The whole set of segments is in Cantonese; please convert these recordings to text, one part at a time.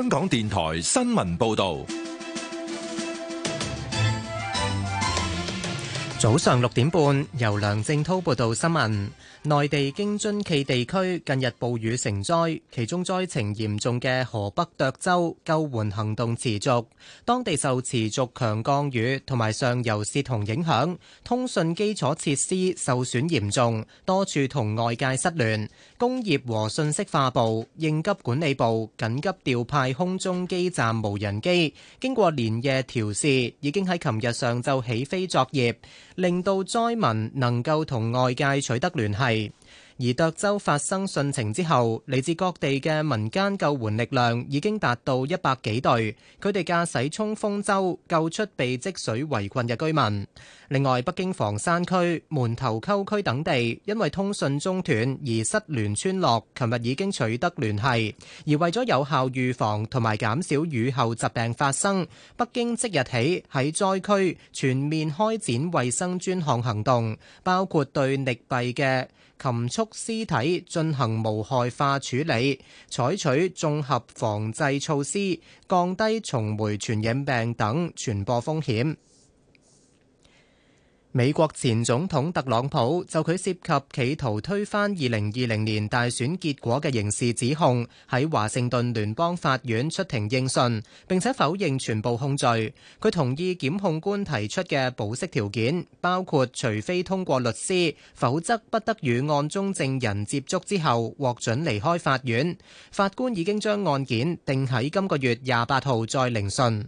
香港電台新聞報道。早上六點半，由梁正濤報道新聞。內地京津冀地區近日暴雨成災，其中災情嚴重嘅河北涿州救援行動持續。當地受持續強降雨同埋上游泄洪影響，通訊基礎設施受損嚴重，多處同外界失聯。工業和信息化部應急管理部緊急調派空中基站無人機，經過連夜調試，已經喺琴日上晝起飛作業。令到災民能夠同外界取得聯繫。而涿州發生汛情之後，嚟自各地嘅民間救援力量已經達到一百幾隊，佢哋駕駛衝鋒舟救出被積水圍困嘅居民。另外，北京房山區、門頭溝區等地因為通訊中斷而失聯村落，琴日已經取得聯繫。而為咗有效預防同埋減少雨後疾病發生，北京即日起喺災區全面開展衛生專項行動，包括對溺斃嘅禽畜屍體進行無害化處理，採取綜合防制措施，降低蟲媒傳染病等傳播風險。美國前總統特朗普就佢涉及企圖推翻二零二零年大選結果嘅刑事指控，喺華盛頓聯邦法院出庭應訊，並且否認全部控罪。佢同意檢控官提出嘅保釋條件，包括除非通過律師，否則不得與案中證人接觸，之後獲准離開法院。法官已經將案件定喺今個月廿八號再聆訊。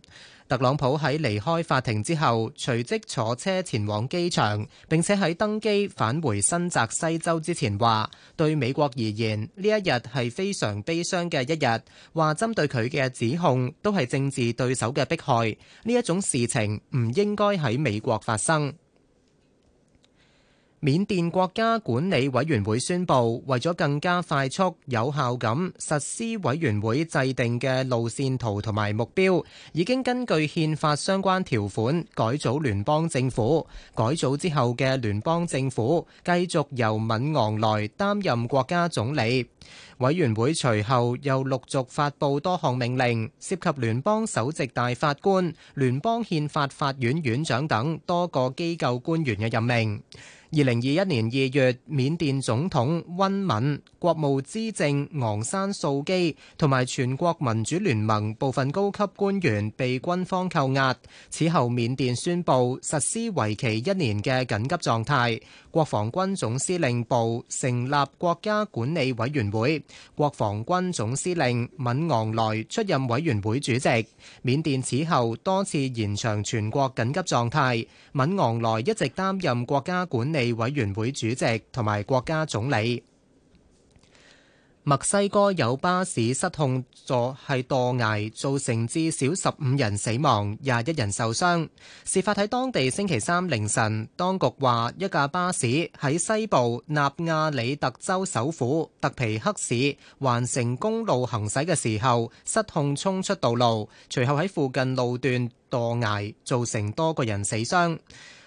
特朗普喺離開法庭之後，隨即坐車前往機場，並且喺登機返回新澤西州之前，話對美國而言，呢一日係非常悲傷嘅一日。話針對佢嘅指控都係政治對手嘅迫害，呢一種事情唔應該喺美國發生。緬甸國家管理委員會宣佈，為咗更加快速有效咁實施委員會制定嘅路線圖同埋目標，已經根據憲法相關條款改組聯邦政府。改組之後嘅聯邦政府繼續由敏昂萊擔任國家總理。委員會隨後又陸續發布多項命令，涉及聯邦首席大法官、聯邦憲法法院院長等多個機構官員嘅任命。二零二一年二月，緬甸總統温敏、國務資政昂山素基同埋全國民主聯盟部分高級官員被軍方扣押。此後，緬甸宣布實施為期一年嘅緊急狀態，國防軍總司令部成立國家管理委員會，國防軍總司令敏昂萊出任委員會主席。緬甸此後多次延長全國緊急狀態，敏昂萊一直擔任國家管理委員會主席同埋國家總理。墨西哥有巴士失控咗，係墮崖，造成至少十五人死亡，廿一人受傷。事發喺當地星期三凌晨，當局話一架巴士喺西部納亞里特州首府特皮克市環城公路行駛嘅時候失控衝出道路，隨後喺附近路段墮崖，造成多個人死傷。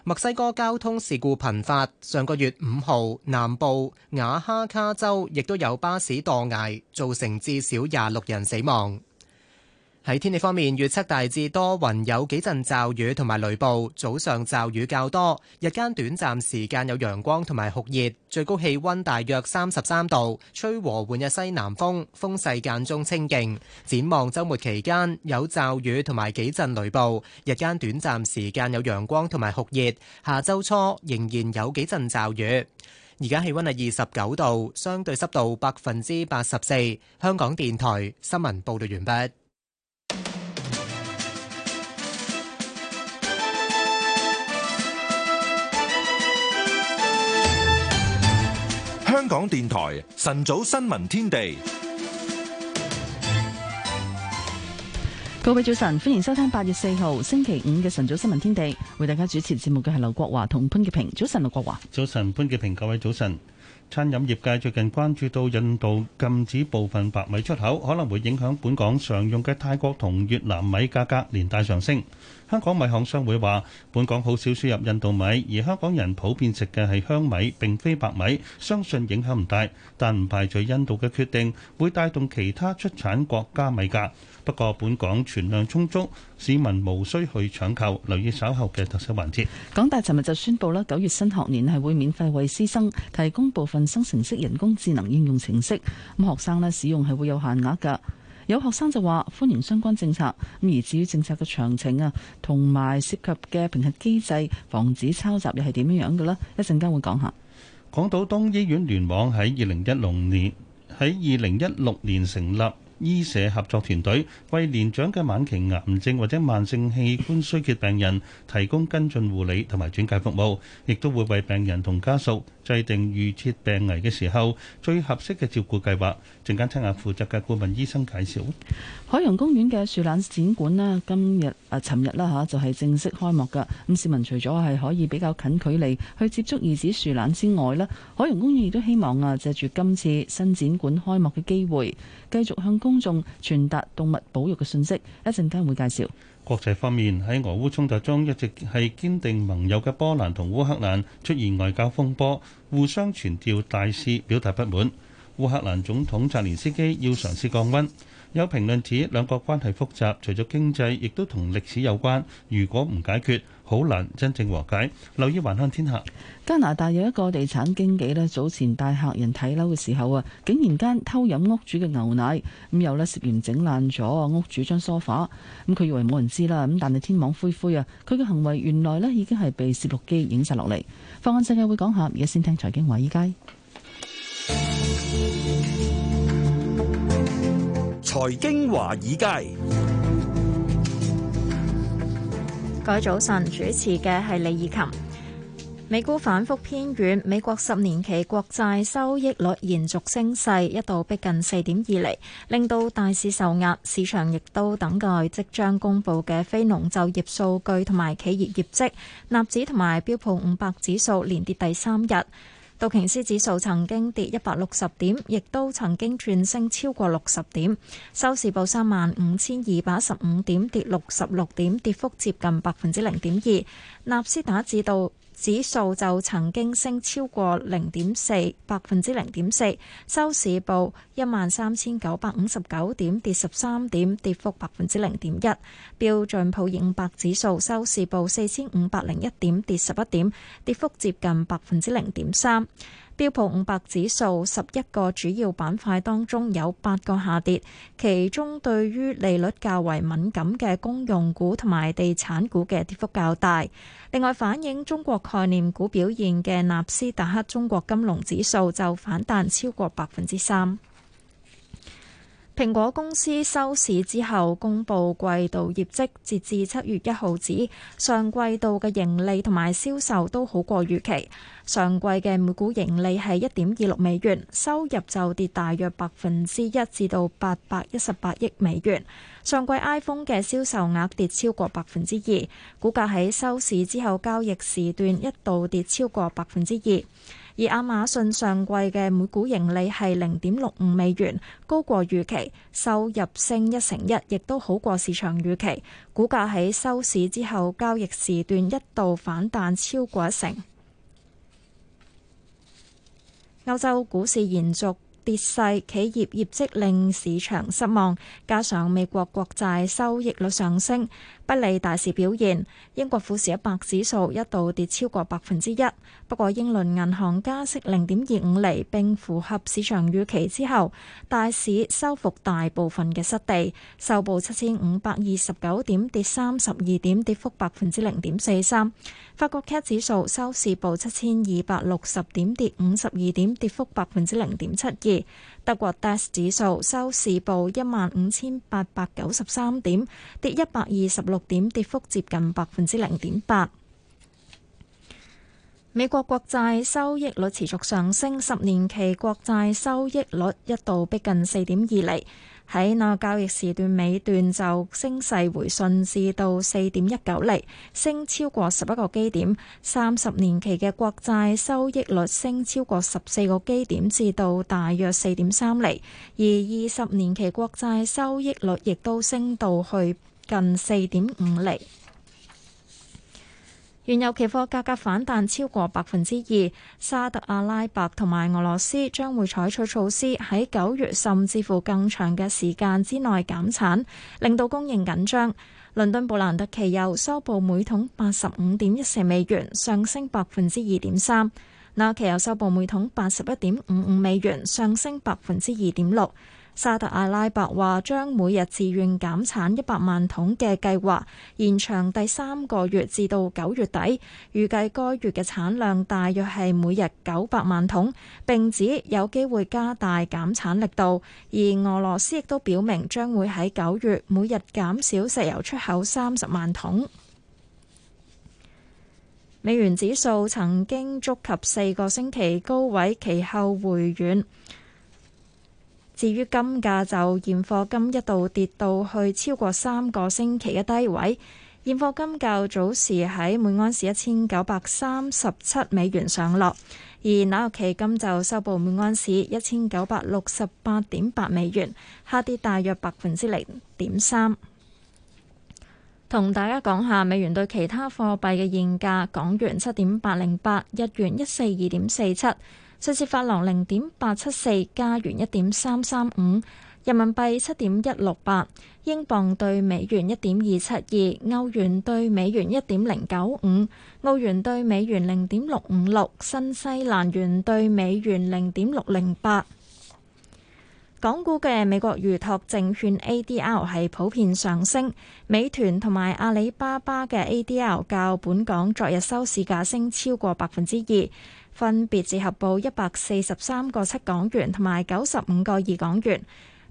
墨西哥交通事故頻發，上個月五號，南部瓦哈卡州亦都有巴士墮崖，造成至少廿六人死亡。喺天氣方面，預測大致多雲，有幾陣驟雨同埋雷暴。早上驟雨較多，日間短暫時間有陽光同埋酷熱，最高氣溫大約三十三度，吹和緩嘅西南風，風勢間中清勁。展望周末期間有驟雨同埋幾陣雷暴，日間短暫時間有陽光同埋酷熱。下周初仍然有幾陣驟雨。而家氣溫係二十九度，相對濕度百分之八十四。香港電台新聞報道完畢。香港電台晨早新聞天地，各位早晨，歡迎收聽八月四號星期五嘅晨早新聞天地。為大家主持節目嘅係劉國華同潘潔平。早晨，劉國華。早晨，潘潔平。各位早晨。餐飲業界最近關注到印度禁止部分白米出口，可能會影響本港常用嘅泰國同越南米價格連帶上升。香港米行商會話，本港好少輸入印度米，而香港人普遍食嘅係香米，並非白米。相信影響唔大，但唔排除印度嘅決定會帶動其他出產國家米價。不過本港存量充足，市民無需去搶購。留意稍後嘅特色環節。港大尋日就宣布啦，九月新學年係會免費為師生提供部分生成式人工智能應用程式，咁學生呢使用係會有限額㗎。有學生就話歡迎相關政策，咁而至於政策嘅詳情啊，同埋涉及嘅平衡機制、防止抄襲又係點樣樣嘅呢？一陣間會講下。港島東醫院聯網喺二零一六年喺二零一六年成立醫社合作團隊，為年長嘅晚期癌症或者慢性器官衰竭病人提供跟進護理同埋轉介服務，亦都會為病人同家屬，制定預設病危嘅時候，最合適嘅照顧計劃。陣間聽下負責嘅顧問醫生介紹海洋公園嘅樹懶展館啦。今日啊，尋日啦嚇就係正式開幕㗎。咁市民除咗係可以比較近距離去接觸二趾樹懶之外咧，海洋公園亦都希望啊，借住今次新展館開幕嘅機會，繼續向公眾傳達動物保育嘅信息。一陣間會介紹。國際方面，喺俄烏衝突中一直係堅定盟友嘅波蘭同烏克蘭出現外交風波，互相傳召大使，表達不滿。烏克蘭總統澤連斯基要嘗試降溫。有評論指兩國關係複雜，除咗經濟，亦都同歷史有關。如果唔解決，好難真正和解。留意《還慳天下》，加拿大有一個地產經紀咧，早前帶客人睇樓嘅時候啊，竟然間偷飲屋主嘅牛奶，咁又咧涉嫌整爛咗屋主張梳化，咁佢以為冇人知啦，咁但係天網恢恢啊，佢嘅行為原來咧已經係被攝錄機影晒落嚟。《放眼世界》會講下，而家先聽財經華爾街。財經華爾街。各位早晨，主持嘅係李以琴。美股反覆偏軟，美國十年期國債收益率延續升勢，一度逼近四點二厘，令到大市受壓，市場亦都等待即將公布嘅非農就業數據同埋企業業績。納指同埋標普五百指數連跌第三日。道瓊斯指數曾經跌一百六十點，亦都曾經轉升超過六十點，收市報三萬五千二百一十五點，跌六十六點，跌幅接近百分之零點二。納斯達指道。指數就曾經升超過零點四百分之零點四，收市報一萬三千九百五十九點，跌十三點，跌幅百分之零點一。標準普爾五百指數收市報四千五百零一點，跌十一點，跌幅接近百分之零點三。標普五百指數十一個主要板塊當中有八個下跌，其中對於利率較為敏感嘅公用股同埋地產股嘅跌幅較大。另外，反映中國概念股表現嘅納斯達克中國金融指數就反彈超過百分之三。蘋果公司收市之後公佈季度業績，截至七月一號止，上季度嘅盈利同埋銷售都好過預期。上季嘅每股盈利係一點二六美元，收入就跌大約百分之一至到八百一十八億美元。上季 iPhone 嘅銷售額跌超過百分之二，股價喺收市之後交易時段一度跌超過百分之二。而亞馬遜上季嘅每股盈利係零點六五美元，高過預期，收入升一成一，亦都好過市場預期。股價喺收市之後交易時段一度反彈超過一成。歐洲股市延續跌勢，企業業績令市場失望，加上美國國債收益率上升不利大市表現。英國富時一百指數一度跌超過百分之一，不過英倫銀行加息零點二五釐並符合市場預期之後，大市收復大部分嘅失地，收報七千五百二十九點，跌三十二點，跌幅百分之零點四三。法國 CAC 指數收市報七千二百六十點，跌五十二點，跌幅百分之零點七二。德國 DAX 指數收市報一萬五千八百九十三點，跌一百二十六點，跌幅接近百分之零點八。美國國債收益率持續上升，十年期國債收益率一度逼近四點二厘。喺那交易時段尾段就升勢回順至到四點一九厘，升超過十一個基點。三十年期嘅國債收益率升超過十四個基點至到大約四點三厘，而二十年期國債收益率亦都升到去近四點五厘。原油期貨價格反彈超過百分之二，沙特阿拉伯同埋俄羅斯將會採取措施喺九月甚至乎更長嘅時間之內減產，令到供應緊張。倫敦布蘭特期油收報每桶八十五點一四美元，上升百分之二點三；那期油收報每桶八十一點五五美元，上升百分之二點六。沙特阿拉伯話將每日自願減產一百萬桶嘅計劃延長第三個月至到九月底，預計該月嘅產量大約係每日九百萬桶。並指有機會加大減產力度。而俄羅斯亦都表明將會喺九月每日減少石油出口三十萬桶。美元指數曾經觸及四個星期高位，其後回軟。至於金價就現貨金一度跌到去超過三個星期嘅低位，現貨金較早時喺每安士一千九百三十七美元上落，而紐約期金就收報每安士一千九百六十八點八美元，下跌大約百分之零點三。同大家講下美元對其他貨幣嘅現價，港元七點八零八，日元一四二點四七。瑞士法郎零點八七四，加元一點三三五，人民幣七點一六八，英鎊對美元一點二七二，歐元對美元一點零九五，澳元對美元零點六五六，新西蘭元對美元零點六零八。港股嘅美國預託證券 ADR 係普遍上升，美團同埋阿里巴巴嘅 ADR 較本港昨日收市價升超過百分之二。分別折合報一百四十三個七港元，同埋九十五個二港元。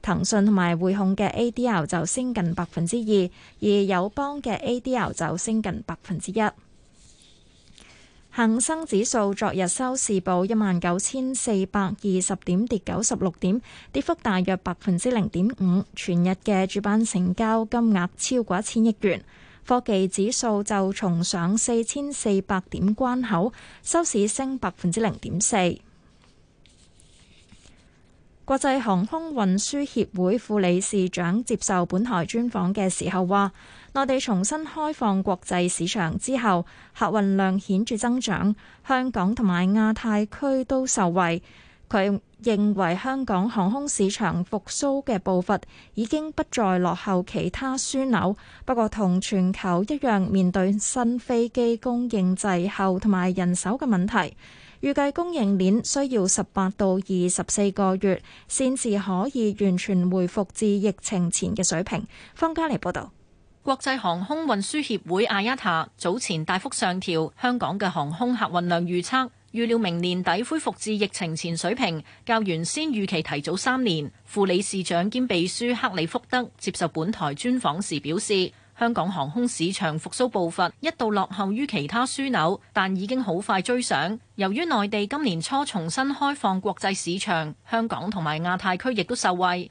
騰訊同埋匯控嘅 ADR 就升近百分之二，而友邦嘅 ADR 就升近百分之一。恒生指數昨日收市報一萬九千四百二十點，跌九十六點，跌幅大約百分之零點五。全日嘅主板成交金額超過一千億元。科技指數就重上四千四百點關口，收市升百分之零點四。國際航空運輸協會副理事長接受本台專訪嘅時候話，內地重新開放國際市場之後，客運量顯著增長，香港同埋亞太區都受惠。佢認為香港航空市場復甦嘅步伐已經不再落後其他輸紐，不過同全球一樣，面對新飛機供應滯後同埋人手嘅問題，預計供應鏈需要十八到二十四個月先至可以完全回復至疫情前嘅水平。方家莉報導。國際航空運輸協會 i a 塔早前大幅上調香港嘅航空客運量預測。預料明年底恢復至疫情前水平，較原先預期提早三年。副理事長兼秘書克里福德接受本台專訪時表示，香港航空市場復甦步伐一度落後於其他樞紐，但已經好快追上。由於內地今年初重新開放國際市場，香港同埋亞太區亦都受惠。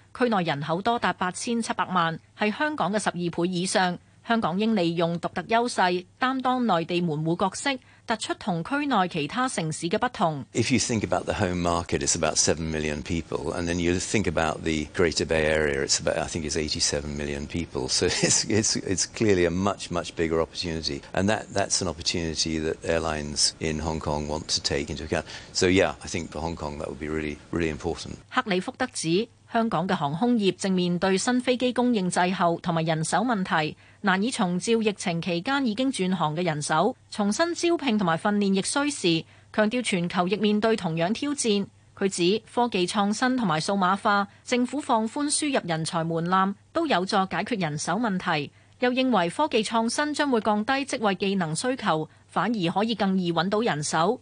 區內人口多達八千七百萬，係香港嘅十二倍以上。香港應利用獨特優勢，擔當內地門戶角色，突出同區內其他城市嘅不同。克里福德指。香港嘅航空業正面對新飛機供應滯後同埋人手問題，難以重召疫情期間已經轉行嘅人手，重新招聘，同埋訓練亦需時。強調全球亦面對同樣挑戰。佢指科技創新同埋數碼化，政府放寬輸入人才門檻，都有助解決人手問題。又認為科技創新將會降低職位技能需求，反而可以更易揾到人手。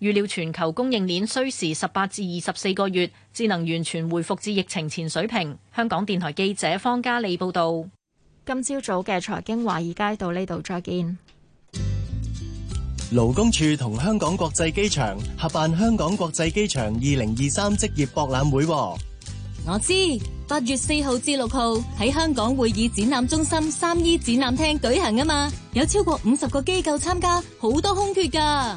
預料全球供應鏈需時十八至二十四個月，至能完全回復至疫情前水平。香港電台記者方嘉莉報道。今朝早嘅財經華爾街到呢度再見。勞工處同香港國際機場合辦香港國際機場二零二三職業博覽會，我知八月四號至六號喺香港會議展覽中心三 E 展覽廳舉行啊嘛，有超過五十個機構參加，好多空缺㗎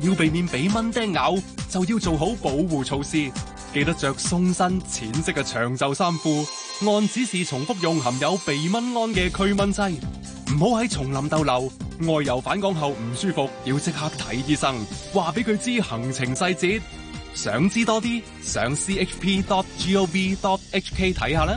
要避免俾蚊叮咬，就要做好保護措施。記得着鬆身淺色嘅長袖衫褲，按指示重複用含有避蚊胺嘅驅蚊劑。唔好喺叢林逗留。外遊返港後唔舒服，要即刻睇醫生。話俾佢知行程細節。想知多啲，上 c h p dot g o v dot h k 睇下啦。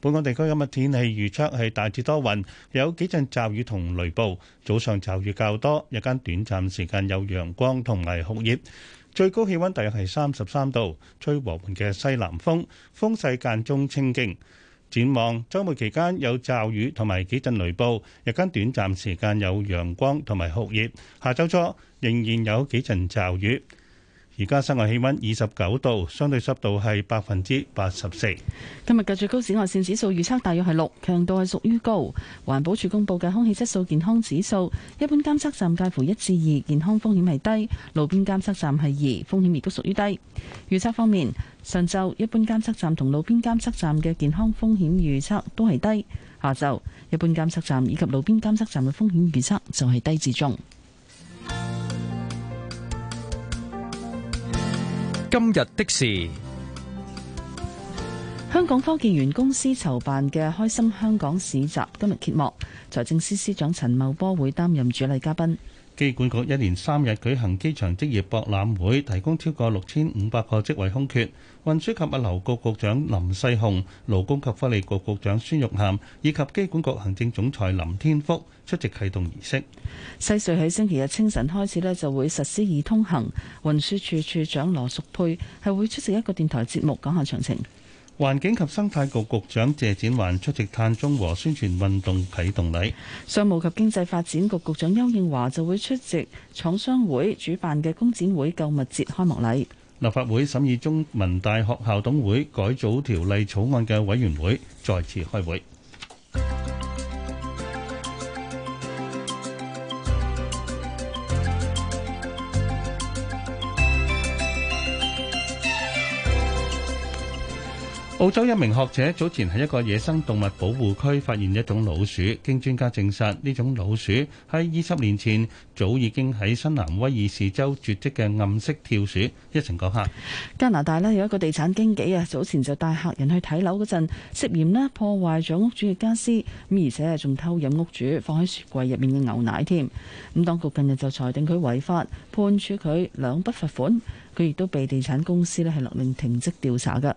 本港地區今日天氣預測係大致多雲，有幾陣驟雨同雷暴，早上驟雨較多，日間短暫時間有陽光同埋酷熱，最高氣溫大約係三十三度，吹和緩嘅西南風，風勢間中清勁，展望周末期間有驟雨同埋幾陣雷暴，日間短暫時間有陽光同埋酷熱，下周初仍然有幾陣驟雨。而家室外氣溫二十九度，相對濕度係百分之八十四。今日嘅最高紫外線指數預測大約係六，強度係屬於高。環保署公布嘅空氣質素健康指數，一般監測站介乎一至二，健康風險係低；路邊監測站係二，風險亦都屬於低。預測方面，上晝一般監測站同路邊監測站嘅健康風險預測都係低。下晝，一般監測站以及路邊監測站嘅風險預測就係低至中。今日的事，香港科技園公司籌辦嘅開心香港市集今日揭幕，財政司司長陳茂波會擔任主禮嘉賓。機管局一連三日舉行機場職業博覽會，提供超過六千五百個職位空缺。運輸及物流局局長林世雄、勞工及福利局局長孫玉菡以及機管局行政總裁林天福出席啟動儀式。西隧喺星期日清晨開始，呢就會實施易通行。運輸處處長羅淑佩係會出席一個電台節目講下詳情。環境及生態局局長謝展寰出席碳中和宣傳運動啟動禮。商務及經濟發展局局長丘應樺就會出席廠商會主辦嘅工展會購物節開幕禮。立法會審議中文大學校董會改組條例草案嘅委員會再次開會。澳洲一名學者早前喺一個野生動物保護區發現一種老鼠，經專家證實呢種老鼠喺二十年前早已經喺新南威爾士州絕迹嘅暗色跳鼠。一成九下加拿大呢有一個地產經紀啊，早前就帶客人去睇樓嗰陣，涉嫌咧破壞咗屋主嘅家私，咁而且仲偷飲屋主放喺雪櫃入面嘅牛奶添。咁當局近日就裁定佢違法，判處佢兩筆罰款，佢亦都被地產公司咧係勒令停職調查噶。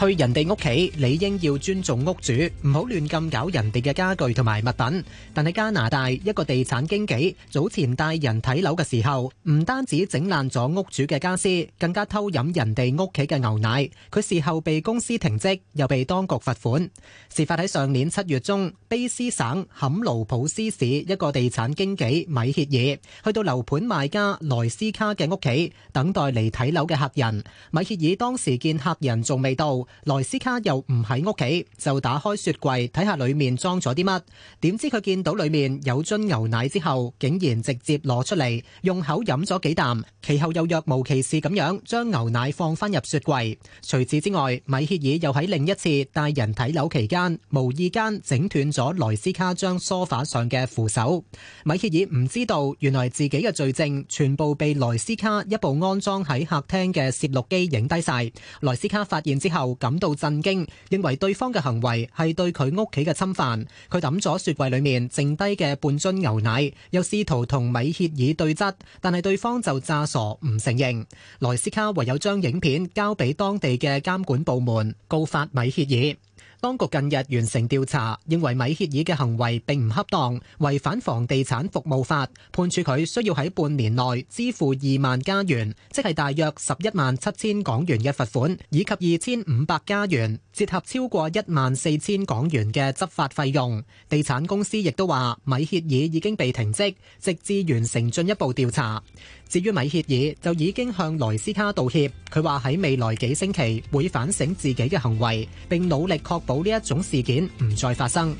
去人哋屋企，理應要尊重屋主，唔好亂咁搞人哋嘅家具同埋物品。但係加拿大一個地產經紀早前帶人睇樓嘅時候，唔單止整爛咗屋主嘅家私，更加偷飲人哋屋企嘅牛奶。佢事後被公司停職，又被當局罰款。事發喺上年七月中，卑斯省坎勞普斯市一個地產經紀米歇爾，去到樓盤賣家萊斯卡嘅屋企，等待嚟睇樓嘅客人。米歇爾當時見客人仲未到。萊斯卡又唔喺屋企，就打開雪櫃睇下裏面裝咗啲乜。點知佢見到裏面有樽牛奶之後竟然直接攞出嚟用口飲咗幾啖。其後又若無其事咁樣將牛奶放翻入雪櫃。除此之外，米歇爾又喺另一次帶人睇樓期間無意間整斷咗萊斯卡將梳化上嘅扶手。米歇爾唔知道，原來自己嘅罪證全部被萊斯卡一部安裝喺客廳嘅攝錄機影低晒。萊斯卡發現之後，感到震驚，認為對方嘅行為係對佢屋企嘅侵犯。佢抌咗雪櫃裏面剩低嘅半樽牛奶，又試圖同米歇爾對質，但係對方就詐傻唔承認。萊斯卡唯有將影片交俾當地嘅監管部門，告發米歇爾。當局近日完成調查，認為米歇爾嘅行為並唔恰當，違反房地產服務法，判處佢需要喺半年內支付二萬加元，即係大約十一萬七千港元嘅罰款，以及二千五百加元，折合超過一萬四千港元嘅執法費用。地產公司亦都話，米歇爾已經被停職，直至完成進一步調查。至於米歇爾就已經向萊斯卡道歉，佢話喺未來幾星期會反省自己嘅行為，並努力確保呢一種事件唔再發生。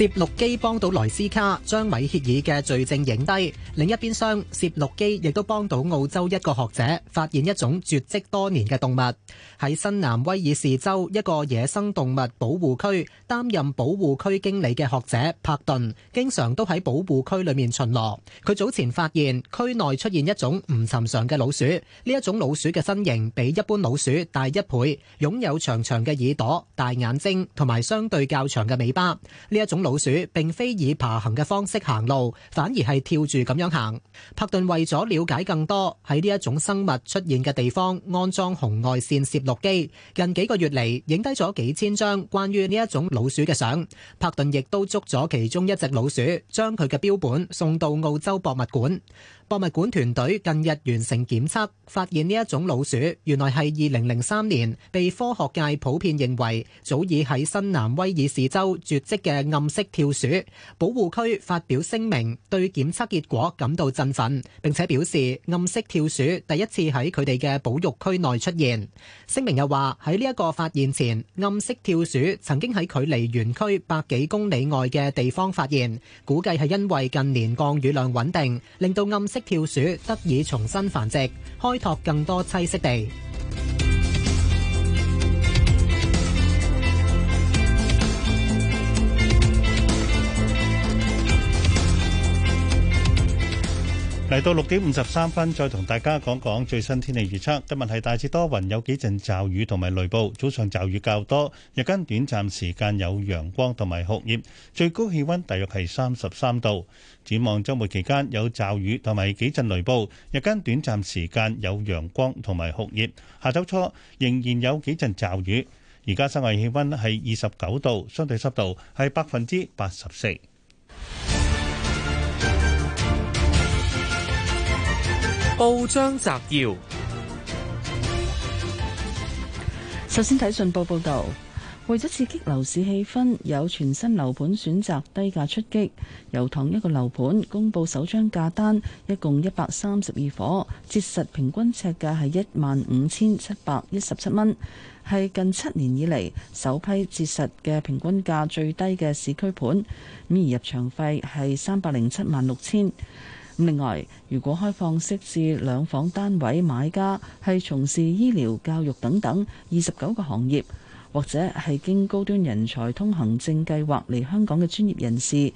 攝錄機幫到萊斯卡將米歇爾嘅罪證影低，另一邊廂攝錄機亦都幫到澳洲一個學者發現一種絕跡多年嘅動物。喺新南威爾士州一個野生動物保護區擔任保護區經理嘅學者帕頓，經常都喺保護區裏面巡邏。佢早前發現區內出現一種唔尋常嘅老鼠，呢一種老鼠嘅身形比一般老鼠大一倍，擁有長長嘅耳朵、大眼睛同埋相對較長嘅尾巴。呢一種老老鼠並非以爬行嘅方式行路，反而係跳住咁樣行。帕頓為咗了，了解更多喺呢一種生物出現嘅地方，安裝紅外線攝錄機，近幾個月嚟，影低咗幾千張關於呢一種老鼠嘅相。帕頓亦都捉咗其中一隻老鼠，將佢嘅標本送到澳洲博物館。博物館團隊近日完成檢測，發現呢一種老鼠原來係二零零三年被科學界普遍認為早已喺新南威爾士州絕跡嘅暗色跳鼠。保護區發表聲明，對檢測結果感到振奮，並且表示暗色跳鼠第一次喺佢哋嘅保育區內出現。聲明又話喺呢一個發現前，暗色跳鼠曾經喺距離園區百幾公里外嘅地方發現，估計係因為近年降雨量穩定，令到暗色跳鼠得以重新繁殖，開拓更多棲息地。嚟到六點五十三分，再同大家講講最新天氣預測。今日係大致多雲，有幾陣驟雨同埋雷暴，早上驟雨較多，日間短暫時間有陽光同埋酷熱，最高氣温大約係三十三度。展望週末期間有驟雨同埋幾陣雷暴，日間短暫時間有陽光同埋酷熱。下週初仍然有幾陣驟雨。而家室外氣温係二十九度，相對濕度係百分之八十四。報章摘要。首先睇信報報道，為咗刺激樓市氣氛，有全新樓盤選擇低價出擊。油塘一個樓盤公佈首張價單，一共一百三十二伙，折實平均尺價係一萬五千七百一十七蚊，係近七年以嚟首批折實嘅平均價最低嘅市區盤。咁而入場費係三百零七萬六千。另外，如果開放式至兩房單位，買家係從事醫療、教育等等二十九個行業，或者係經高端人才通行證計劃嚟香港嘅專業人士，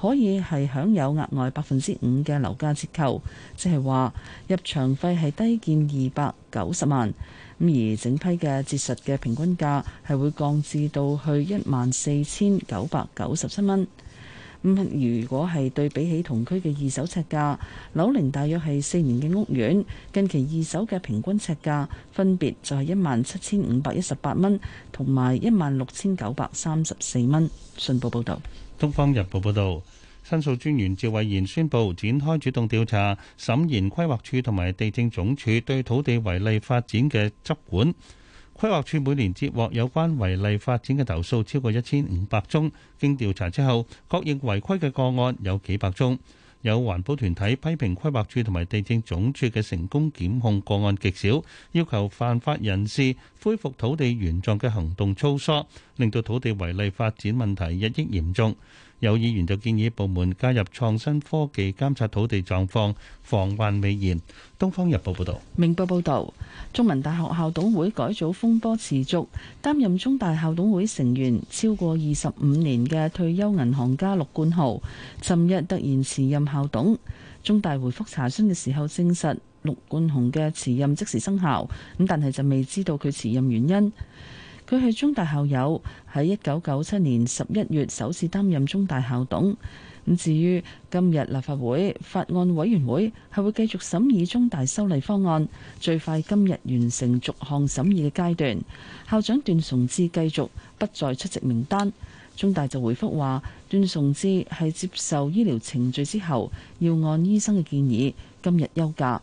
可以係享有額外百分之五嘅樓價折扣，即係話入場費係低見二百九十萬，咁而整批嘅折實嘅平均價係會降至到去一萬四千九百九十七蚊。唔，如果係對比起同區嘅二手尺價，樓齡大約係四年嘅屋苑，近期二手嘅平均尺價分別就係一萬七千五百一十八蚊同埋一萬六千九百三十四蚊。信報報導，《東方日報》報道：「申訴專員趙慧賢宣布展開主動調查，審研規劃署同埋地政總署對土地違例發展嘅執管。規劃處每年接獲有關違例發展嘅投訴超過一千五百宗，經調查之後確認違規嘅個案有幾百宗。有環保團體批評規劃處同埋地政總署嘅成功檢控個案極少，要求犯法人士恢復土地原狀嘅行動粗疏，令到土地違例發展問題日益嚴重。有議員就建議部門加入創新科技監察土地狀況，防患未然。《東方日報》報道。《明報》報道，中文大學校董會改組風波持續，擔任中大校董會成員超過二十五年嘅退休銀行家陸冠雄，尋日突然辭任校董。中大回覆查詢嘅時候，證實陸冠雄嘅辭任即時生效，咁但係就未知道佢辭任原因。佢係中大校友，喺一九九七年十一月首次擔任中大校董。咁至於今日立法會法案委員會係會繼續審議中大修例方案，最快今日完成逐項審議嘅階段。校長段崇智繼續不再出席名單。中大就回覆話，段崇智係接受醫療程序之後，要按醫生嘅建議今日休假。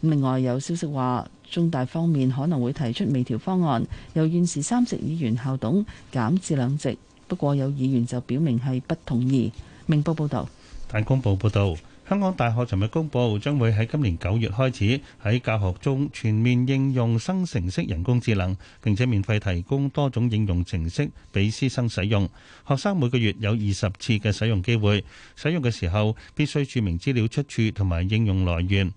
另外有消息話。中大方面可能會提出微調方案，由現時三席議員校董減至兩席。不過有議員就表明係不同意。明報報道，但公報報道，香港大學尋日公佈將會喺今年九月開始喺教學中全面應用生成式人工智能，並且免費提供多種應用程式俾師生使用。學生每個月有二十次嘅使用機會。使用嘅時候必須註明資料出處同埋應用來源。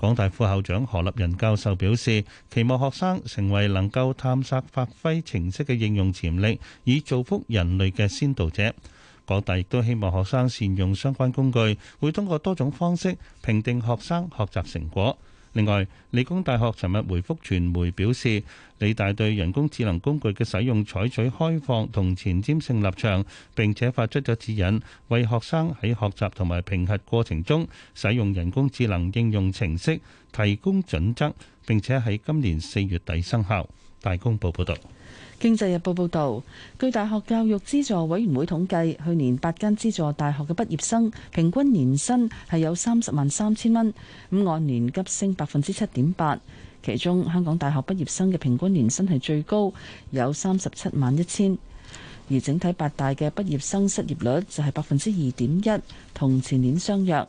港大副校長何立仁教授表示，期望學生成為能夠探索、發揮程式嘅應用潛力，以造福人類嘅先導者。港大亦都希望學生善用相關工具，會通過多種方式評定學生學習成果。另外，理工大學尋日回覆傳媒表示，理大對人工智能工具嘅使用採取開放同前瞻性立場，並且發出咗指引，為學生喺學習同埋評核過程中使用人工智能應用程式提供準則，並且喺今年四月底生效。大公報報道。經濟日報報導，據大學教育資助委員會統計，去年八間資助大學嘅畢業生平均年薪係有三十萬三千蚊，咁按年急升百分之七點八。其中香港大學畢業生嘅平均年薪係最高，有三十七萬一千。而整體八大嘅畢業生失業率就係百分之二點一，同前年相若。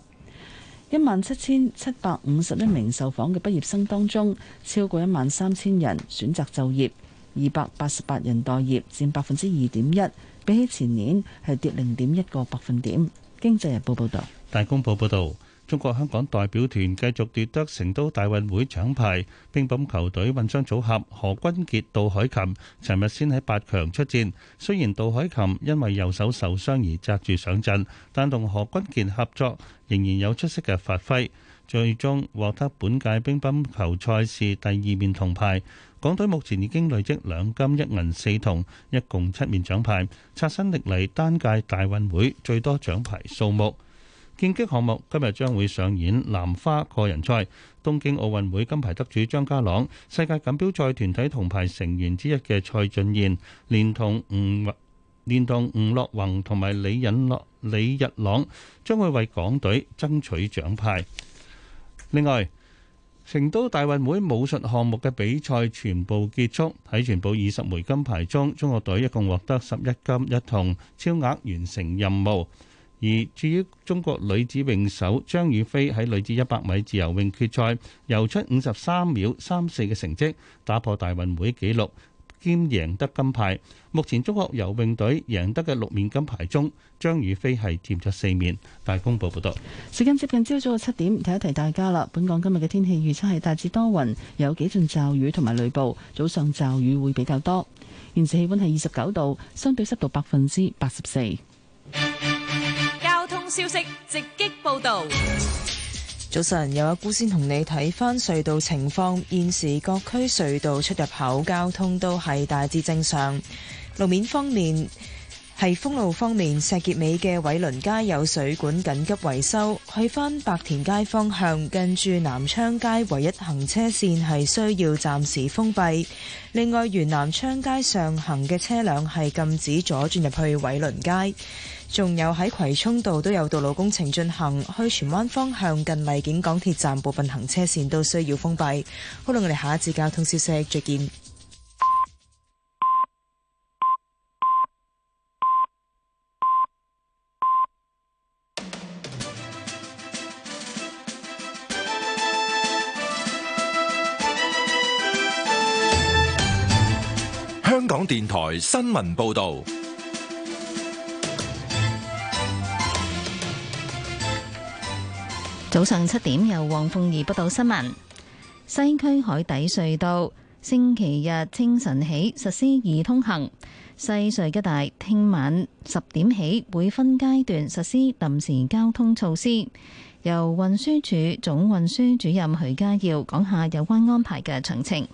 一萬七千七百五十一名受訪嘅畢業生當中，超過一萬三千人選擇就業。二百八十八人待業佔百分之二點一，比起前年係跌零點一個百分點。經濟日報報道，大公報報道，中國香港代表團繼續,續奪得成都大運會獎牌，乒乓球隊混雙組合,合何君傑杜海琴，尋日先喺八強出戰，雖然杜海琴因為右手受傷而紮住上陣，但同何君傑合作仍然有出色嘅發揮。最終獲得本屆乒乓球賽事第二面銅牌。港隊目前已經累積兩金一銀四銅，一共七面獎牌，刷新歷嚟單屆大運會最多獎牌數目。劍擊項目今日將會上演男花個人賽。東京奧運會金牌得主張家朗、世界錦標賽團體銅牌成員之一嘅蔡俊賢，連同吳連同吳樂宏同埋李引樂李日朗，將會為港隊爭取獎牌。另外，成都大運會武術項目嘅比賽全部結束，喺全部二十枚金牌中，中國隊一共獲得十一金一銅，超額完成任務。而至於中國女子泳手張雨霏喺女子一百米自由泳決賽，游出五十三秒三四嘅成績，打破大運會紀錄。兼贏得金牌。目前中國游泳隊贏得嘅六面金牌中，張雨霏係佔咗四面。大公報報道，時間接近朝早嘅七點，提一提大家啦。本港今日嘅天氣預測係大致多雲，有幾陣驟雨同埋雷暴，早上驟雨會比較多。現時氣溫係二十九度，相對濕度百分之八十四。交通消息直擊報道。早晨，有阿姑先同你睇翻隧道情況。現時各區隧道出入口交通都係大致正常。路面方面，係封路方面，石硤尾嘅偉倫街有水管緊急維修。去翻白田街方向，近住南昌街唯一行車線係需要暫時封閉，另外，沿南昌街上行嘅車輛係禁止左轉入去偉倫街。仲有喺葵涌道都有道路工程進行，去荃灣方向近荔景港鐵站部分行車綫都需要封閉。好啦，我哋下一節交通消息再見。香港電台新聞報道。早上七點由黃鳳儀報道新聞，西區海底隧道星期日清晨起實施易通行，西隧一帶聽晚十點起會分階段實施臨時交通措施，由運輸署總運輸主任許家耀講下有關安排嘅詳情。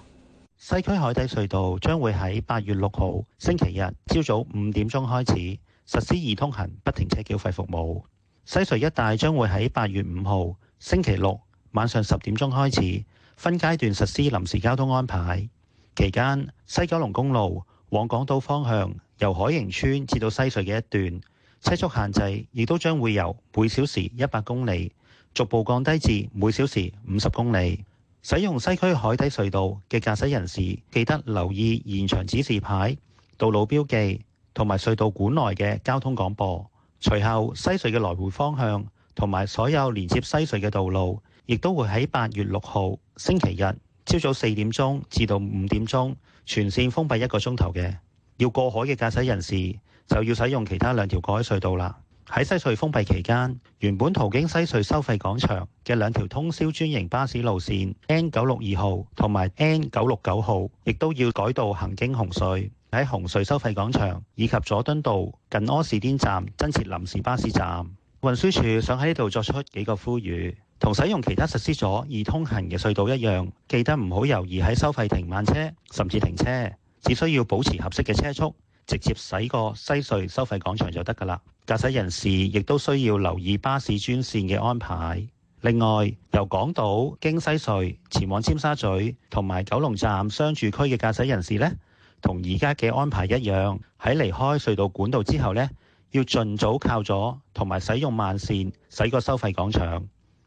西區海底隧道將會喺八月六號星期日朝早五點鐘開始實施易通行，不停車繳費服務。西隧一帶將會喺八月五號星期六晚上十點鐘開始分階段實施臨時交通安排，期間西九龍公路往港島方向由海盈村至到西隧嘅一段車速限制亦都將會由每小時一百公里逐步降低至每小時五十公里。使用西區海底隧道嘅駕駛人士記得留意現場指示牌、道路標記同埋隧道管內嘅交通廣播。隨後西隧嘅來回方向，同埋所有連接西隧嘅道路，亦都會喺八月六號星期日朝早四點鐘至到五點鐘全線封閉一個鐘頭嘅。要過海嘅駕駛人士就要使用其他兩條過海隧道啦。喺西隧封閉期間，原本途經西隧收費廣場嘅兩條通宵專營巴士路線 N 九六二號同埋 N 九六九號，亦都要改道行經紅隧。喺紅隧收費廣場以及佐敦道近柯士甸站增設臨時巴士站。運輸署想喺呢度作出幾個呼籲，同使用其他實施咗易通行嘅隧道一樣，記得唔好猶豫喺收費亭慢車，甚至停車，只需要保持合適嘅車速，直接駛過西隧收費廣場就得噶啦。駕駛人士亦都需要留意巴士專線嘅安排。另外，由港島經西隧前往尖沙咀同埋九龍站商住區嘅駕駛人士咧。同而家嘅安排一樣，喺離開隧道管道之後呢，呢要盡早靠左，同埋使用慢線駛過收費廣場，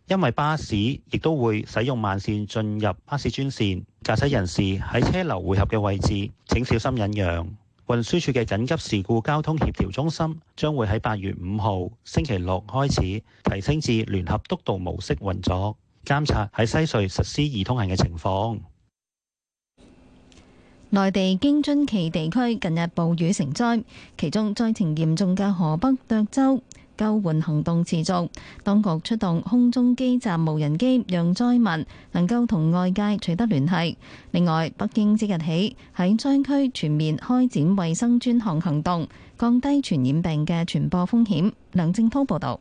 因為巴士亦都會使用慢線進入巴士專線，駕駛人士喺車流匯合嘅位置請小心忍讓。運輸署嘅緊急事故交通協調中心將會喺八月五號星期六開始提升至聯合督導模式運作，監察喺西隧實施易通行嘅情況。內地京津冀地區近日暴雨成災，其中災情嚴重嘅河北涿州救援行動持續，當局出動空中基站無人機，讓災民能夠同外界取得聯繫。另外，北京即日起喺災區全面開展衛生專項行動，降低傳染病嘅傳播風險。梁正滔報導。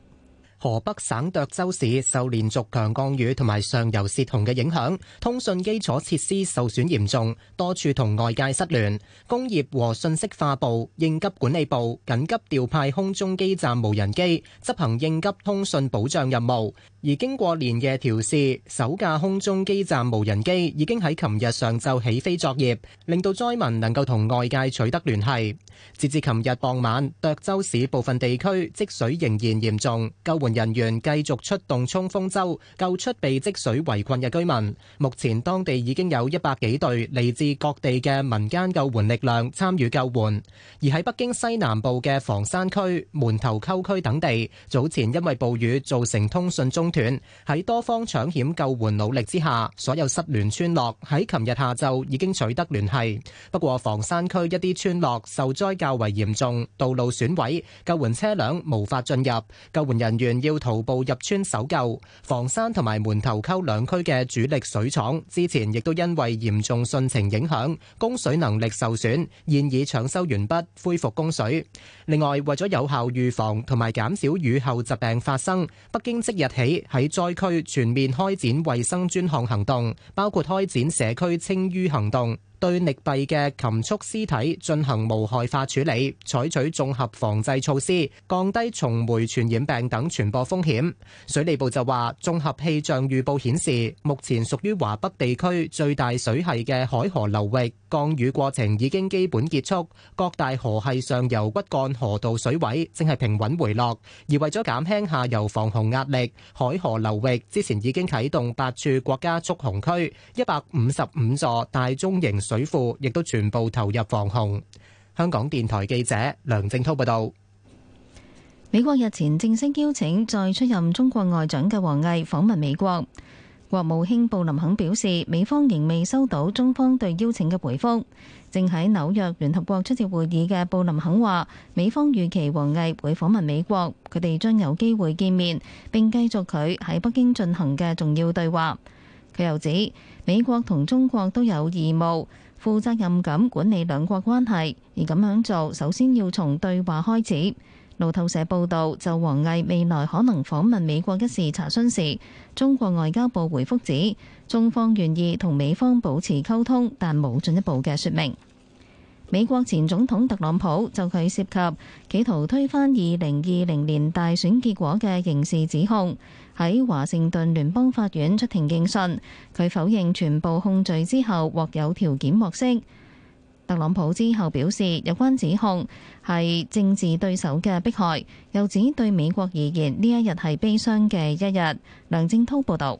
河北省涿州市受連續強降雨同埋上游泄洪嘅影響，通訊基礎設施受損嚴重，多處同外界失聯。工業和信息化部、應急管理部緊急調派空中基站無人機執行應急通訊保障任務。而經過連夜調試，首架空中基站無人機已經喺琴日上晝起飛作業，令到災民能夠同外界取得聯繫。截至琴日傍晚，涿州市部分地區積水仍然嚴重，救援人員繼續出動衝鋒舟救出被積水圍困嘅居民。目前當地已經有一百幾隊嚟自各地嘅民間救援力量參與救援。而喺北京西南部嘅房山區、門頭溝區等地，早前因為暴雨造成通訊中斷，喺多方搶險救援努力之下，所有失聯村落喺琴日下晝已經取得聯繫。不過，房山區一啲村落受災較為嚴重，道路損毀，救援車輛無法進入，救援人員要徒步入村搜救。房山同埋門頭溝兩區嘅主力水廠之前亦都因為嚴重汛情影響，供水能力受損，現已搶修完畢，恢復供水。另外，為咗有效預防同埋減少雨後疾病發生，北京即日起。喺災區全面開展衛生專項行動，包括開展社區清淤行動。對溺斃嘅禽畜屍體進行無害化處理，採取綜合防制措施，降低蟲媒傳染病等傳播風險。水利部就話，綜合氣象預報顯示，目前屬於華北地區最大水系嘅海河流域降雨過程已經基本結束，各大河系上游骨幹河道水位正係平穩回落。而為咗減輕下游防洪壓力，海河流域之前已經啟動八處國家蓄洪區，一百五十五座大中型。水庫亦都全部投入防洪。香港電台記者梁正滔報道。美國日前正式邀請再出任中國外長嘅王毅訪問美國。國務卿布林肯表示，美方仍未收到中方對邀請嘅回覆，正喺紐約聯合國出席會議嘅布林肯話，美方預期王毅會訪問美國，佢哋將有機會見面並繼續佢喺北京進行嘅重要對話。佢又指，美國同中國都有義務，負責任咁管理兩國關係，而咁樣做首先要從對話開始。路透社報道，就王毅未來可能訪問美國一事查詢時，中國外交部回覆指，中方願意同美方保持溝通，但冇進一步嘅説明。美國前總統特朗普就佢涉及企圖推翻二零二零年大選結果嘅刑事指控，喺華盛頓聯邦法院出庭應訊，佢否認全部控罪之後獲有條件獲釋。特朗普之後表示，有關指控係政治對手嘅迫害，又指對美國而言呢一日係悲傷嘅一日。梁正濤報道。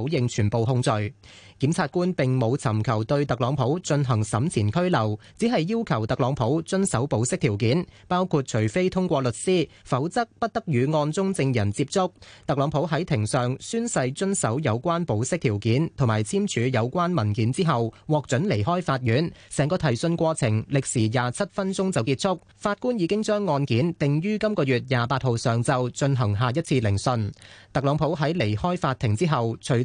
否認全部控罪，檢察官並冇尋求對特朗普進行審前拘留，只係要求特朗普遵守保釋條件，包括除非通過律師，否則不得與案中證人接觸。特朗普喺庭上宣誓遵守有關保釋條件，同埋簽署有關文件之後獲准離開法院。成個提訊過程歷時廿七分鐘就結束，法官已經將案件定於今個月廿八號上晝進行下一次聆訊。特朗普喺離開法庭之後，隨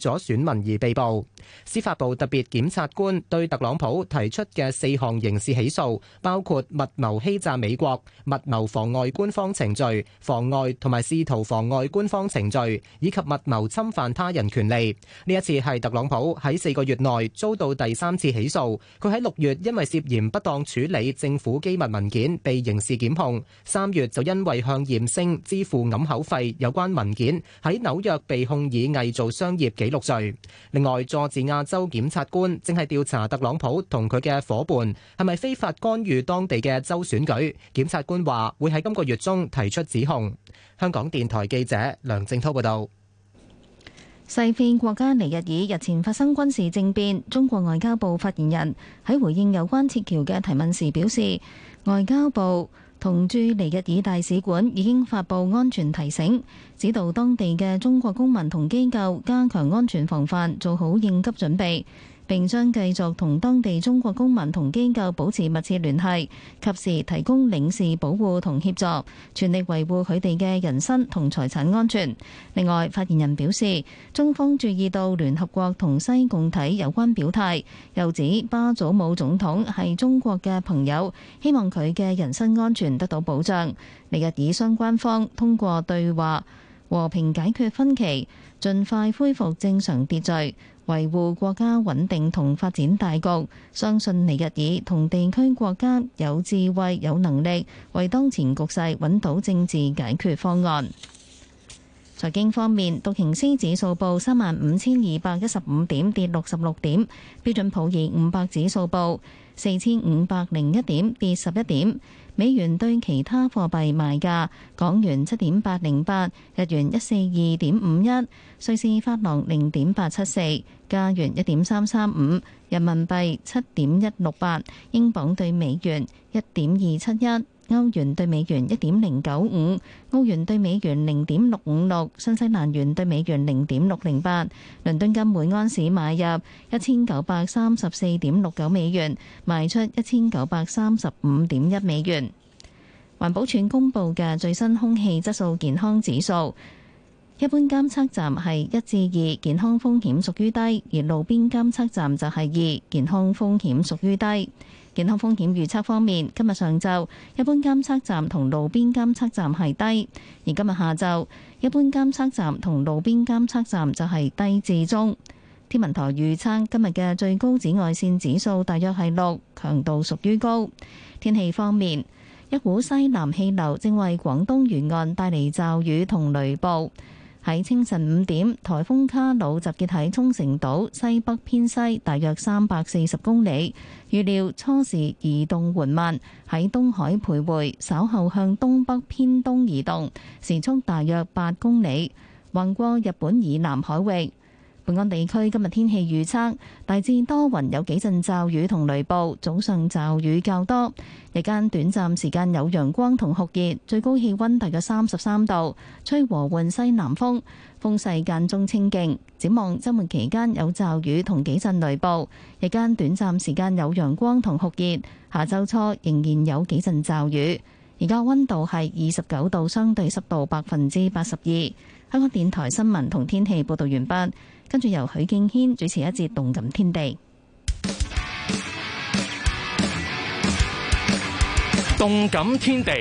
咗選民而被捕，司法部特別檢察官對特朗普提出嘅四項刑事起訴，包括密謀欺詐美國、密謀妨礙官方程序、妨礙同埋試圖妨礙官方程序，以及密謀侵犯他人權利。呢一次係特朗普喺四個月內遭到第三次起訴。佢喺六月因為涉嫌不當處理政府機密文件被刑事檢控，三月就因為向艷星支付掩口費有關文件喺紐約被控以偽造商業紀錄。錄罪。另外，佐治亞州檢察官正係調查特朗普同佢嘅夥伴係咪非法干預當地嘅州選舉。檢察官話會喺今個月中提出指控。香港電台記者梁正濤報道。西非國家尼日爾日前發生軍事政變，中國外交部發言人喺回應有關撤僑嘅提問時表示，外交部。同駐尼日爾大使館已經發布安全提醒，指導當地嘅中國公民同機構加強安全防範，做好應急準備。並將繼續同當地中國公民同機構保持密切聯繫，及時提供領事保護同協助，全力維護佢哋嘅人身同財產安全。另外，發言人表示，中方注意到聯合國同西共體有關表態，又指巴祖姆總統係中國嘅朋友，希望佢嘅人身安全得到保障。尼日爾相關方通過對話和平解決分歧，盡快恢復正常秩序。維護國家穩定同發展大局，相信尼日爾同地區國家有智慧、有能力，為當前局勢揾到政治解決方案。財經方面，道瓊斯指數報三萬五千二百一十五點，跌六十六點；標準普爾五百指數報四千五百零一點，跌十一點。美元對其他貨幣賣價：港元七點八零八，日元一四二點五一，瑞士法郎零點八七四，加元一點三三五，人民幣七點一六八，英鎊對美元一點二七一。歐元對美元一點零九五，澳元對美元零點六五六，新西蘭元對美元零點六零八。倫敦金每安士買入一千九百三十四點六九美元，賣出一千九百三十五點一美元。環保署公布嘅最新空氣質素健康指數，一般監測站係一至二，健康風險屬於低；而路邊監測站就係二，健康風險屬於低。健康風險預測方面，今日上晝一般監測站同路邊監測站係低，而今日下晝一般監測站同路邊監測站就係低至中。天文台預測今日嘅最高紫外線指數大約係六，強度屬於高。天氣方面，一股西南氣流正為廣東沿岸帶嚟驟雨同雷暴。喺清晨五點，颱風卡努集結喺沖繩島西北偏西，大約三百四十公里。預料初時移動緩慢，喺東海徘徊，稍後向東北偏東移動，時速大約八公里，橫過日本以南海域。本港地區今日天氣預測，大致多雲，有幾陣驟雨同雷暴，早上驟雨較多，日間短暫時間有陽光同酷熱，最高氣溫大約三十三度，吹和緩西南風，風勢間中清勁。展望周末期間有驟雨同幾陣雷暴，日間短暫時間有陽光同酷熱，下周初仍然有幾陣驟雨。而家溫度係二十九度，相對濕度百分之八十二。香港電台新聞同天氣報道完畢。跟住由許敬軒主持一節《動感天地》。動感天地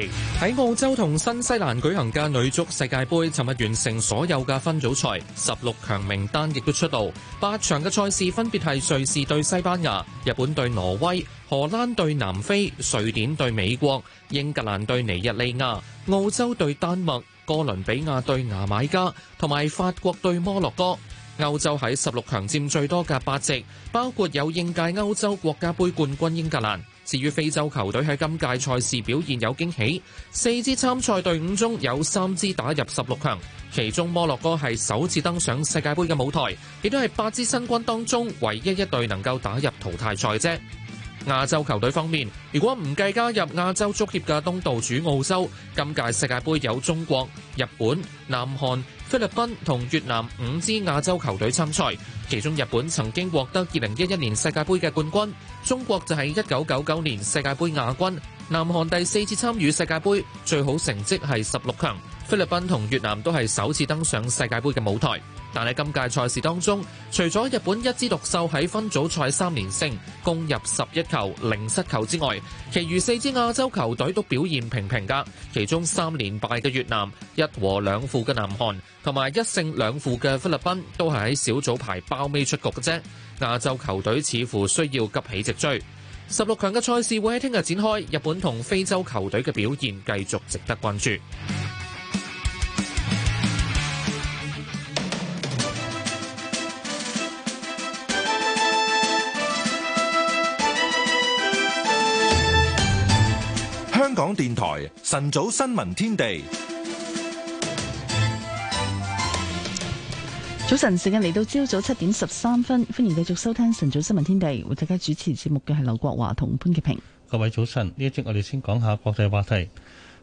喺澳洲同新西蘭舉行嘅女足世界杯，尋日完成所有嘅分組賽，十六強名單亦都出爐。八場嘅賽事分別係瑞士對西班牙、日本對挪威、荷蘭對南非、瑞典對美國、英格蘭對尼日利亞、澳洲對丹麥、哥倫比亞對牙買加，同埋法國對摩洛哥。歐洲喺十六強佔最多嘅八席，包括有應屆歐洲國家杯冠軍英格蘭。至於非洲球隊喺今屆賽事表現有驚喜，四支參賽隊伍中有三支打入十六強，其中摩洛哥係首次登上世界杯嘅舞台，亦都係八支新軍當中唯一一隊能夠打入淘汰賽啫。亞洲球隊方面，如果唔計加入亞洲足協嘅東道主澳洲，今屆世界杯有中國、日本、南韓、菲律賓同越南五支亞洲球隊參賽。其中日本曾經獲得二零一一年世界杯嘅冠軍，中國就係一九九九年世界杯亞軍，南韓第四次參與世界杯，最好成績係十六強，菲律賓同越南都係首次登上世界杯嘅舞台。但喺今屆賽事當中，除咗日本一枝獨秀喺分組賽三連勝、攻入十一球、零失球之外，其餘四支亞洲球隊都表現平平㗎。其中三連敗嘅越南、一和兩負嘅南韓同埋一勝兩負嘅菲律賓，都係喺小組排包尾出局嘅啫。亞洲球隊似乎需要急起直追。十六強嘅賽事會喺聽日展開，日本同非洲球隊嘅表現繼續值得關注。電台晨早新聞天地，早晨時間嚟到朝早七點十三分，歡迎繼續收聽晨早新聞天地。為大家主持節目嘅係劉國華同潘潔平。各位早晨，呢一節我哋先講下國際話題。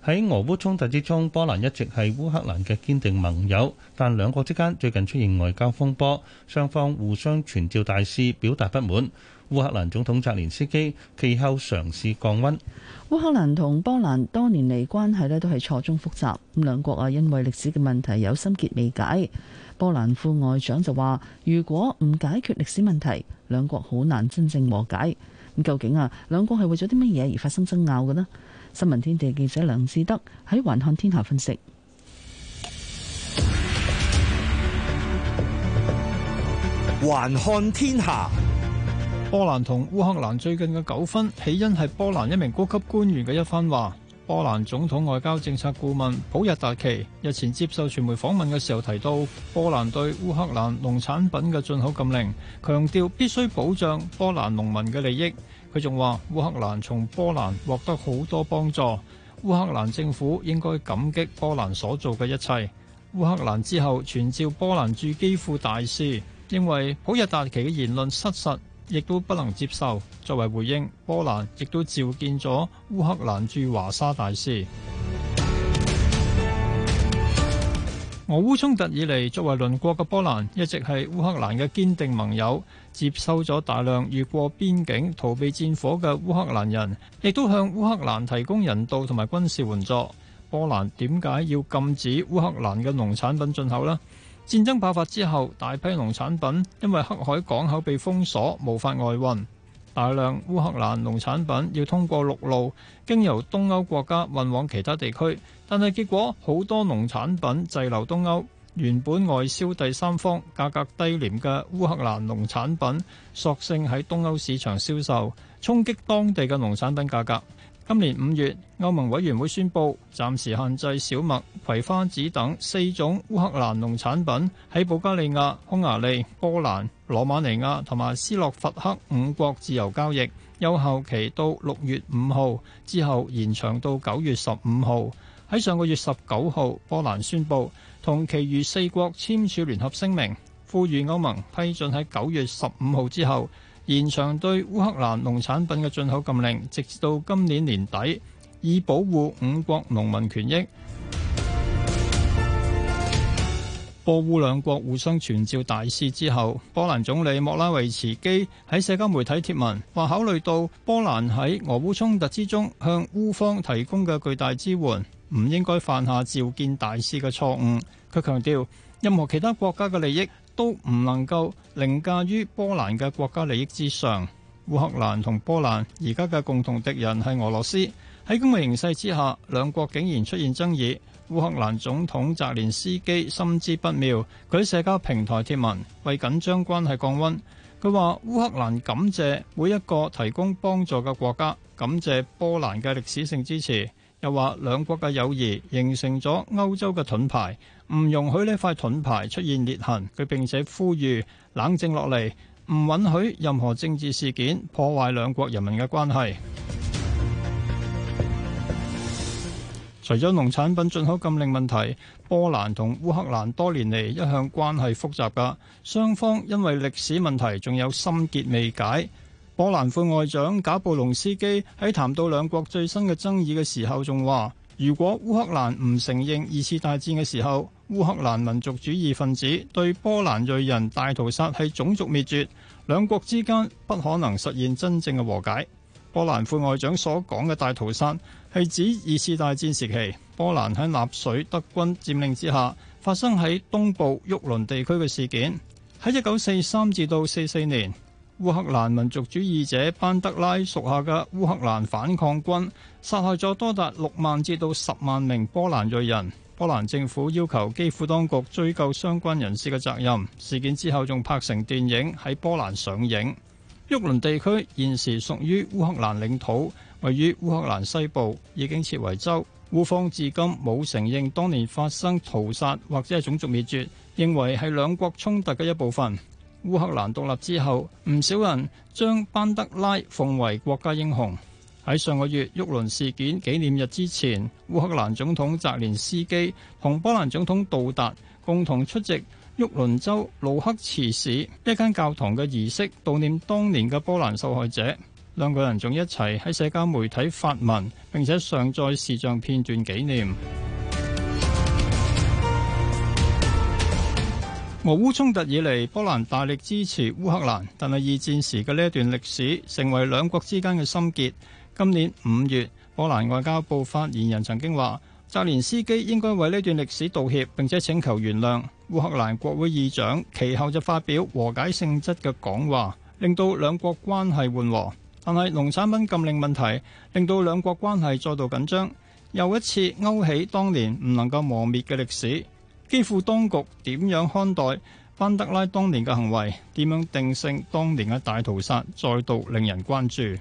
喺俄烏衝突之中，波蘭一直係烏克蘭嘅堅定盟友，但兩國之間最近出現外交風波，雙方互相傳召大使表達不滿。烏克蘭總統澤連斯基其後嘗試降溫。烏克蘭同波蘭多年嚟關係咧都係錯綜複雜，咁兩國啊因為歷史嘅問題有心結未解。波蘭副外長就話：如果唔解決歷史問題，兩國好難真正和解。咁究竟啊兩國係為咗啲乜嘢而發生爭拗嘅呢？新聞天地記者梁志德喺《橫看天下》分析。橫看天下。波蘭同烏克蘭最近嘅糾紛起因係波蘭一名高級官員嘅一番話。波蘭總統外交政策顧問普日達奇日前接受傳媒訪問嘅時候提到，波蘭對烏克蘭農產品嘅進口禁令，強調必須保障波蘭農民嘅利益。佢仲話，烏克蘭從波蘭獲得好多幫助，烏克蘭政府應該感激波蘭所做嘅一切。烏克蘭之後傳召波蘭駐基輔大使，認為普日達奇嘅言論失實。亦都不能接受。作為回應，波蘭亦都召見咗烏克蘭駐華沙大使。 俄烏衝突以嚟，作為鄰國嘅波蘭一直係烏克蘭嘅堅定盟友，接收咗大量越過邊境逃避戰火嘅烏克蘭人，亦都向烏克蘭提供人道同埋軍事援助。波蘭點解要禁止烏克蘭嘅農產品進口呢？戰爭爆發之後，大批農產品因為黑海港口被封鎖，無法外運。大量烏克蘭農產品要通過陸路，經由東歐國家運往其他地區，但係結果，好多農產品滯留東歐。原本外銷第三方，價格低廉嘅烏克蘭農產品，索性喺東歐市場銷售，衝擊當地嘅農產品價格。今年五月，歐盟委員會宣布暫時限制小麥、葵花籽等四種烏克蘭農產品喺保加利亞、匈牙利、波蘭、羅馬尼亞同埋斯洛伐克五國自由交易，有效期到六月五號，之後延長到九月十五號，喺上個月十九號，波蘭宣布同其餘四國簽署聯合聲明，呼籲歐盟批准喺九月十五號之後，延長對烏克蘭農產品嘅進口禁令，直至到今年年底，以保護五國農民權益。波烏兩國互相傳召大使之後，波蘭總理莫拉維茨基喺社交媒體貼文，話考慮到波蘭喺俄烏衝突之中向烏方提供嘅巨大支援，唔應該犯下召見大使嘅錯誤。佢強調，任何其他國家嘅利益。都唔能夠凌駕於波蘭嘅國家利益之上。烏克蘭同波蘭而家嘅共同敵人係俄羅斯。喺咁嘅形勢之下，兩國竟然出現爭議。烏克蘭總統澤連斯基心知不妙，佢喺社交平台貼文為緊張關係降溫。佢話，烏克蘭感謝每一個提供幫助嘅國家，感謝波蘭嘅歷史性支持。又話兩國嘅友誼形成咗歐洲嘅盾牌。唔容許呢一塊盾牌出現裂痕，佢並且呼籲冷靜落嚟，唔允許任何政治事件破壞兩國人民嘅關係。 除咗農產品進口禁令問題，波蘭同烏克蘭多年嚟一向關係複雜噶，雙方因為歷史問題仲有心結未解。波蘭副外長賈布隆斯基喺談到兩國最新嘅爭議嘅時候，仲話：如果烏克蘭唔承認二次大戰嘅時候。烏克蘭民族主義分子對波蘭裔人大屠殺係種族滅絕，兩國之間不可能實現真正嘅和解。波蘭副外長所講嘅大屠殺，係指二次大戰時期，波蘭喺納粹德軍佔領之下發生喺東部沃倫地區嘅事件。喺一九四三至到四四年，烏克蘭民族主義者班德拉屬下嘅烏克蘭反抗軍殺害咗多達六萬至到十萬名波蘭裔人。波蘭政府要求基輔當局追究相關人士嘅責任。事件之後仲拍成電影喺波蘭上映。沃倫地區現時屬於烏克蘭領土，位於烏克蘭西部，已經設為州。烏方至今冇承認當年發生屠殺或者係種族滅絕，認為係兩國衝突嘅一部分。烏克蘭獨立之後，唔少人將班德拉奉為國家英雄。喺上個月沃倫事件紀念日之前，烏克蘭總統澤連斯基同波蘭總統杜達共同出席沃倫州魯克茨市一間教堂嘅儀式，悼念當年嘅波蘭受害者。兩個人仲一齊喺社交媒體發文，並且上載視像片段紀念。俄烏衝突以嚟，波蘭大力支持烏克蘭，但係二戰時嘅呢一段歷史成為兩國之間嘅心結。今年五月，波蘭外交部發言人曾經話：澤連斯基應該為呢段歷史道歉，並且請求原諒。烏克蘭國會議長其後就發表和解性質嘅講話，令到兩國關係緩和。但係農產品禁令問題令到兩國關係再度緊張，又一次勾起當年唔能夠磨滅嘅歷史。基輔當局點樣看待班德拉當年嘅行為，點樣定性當年嘅大屠殺，再度令人關注。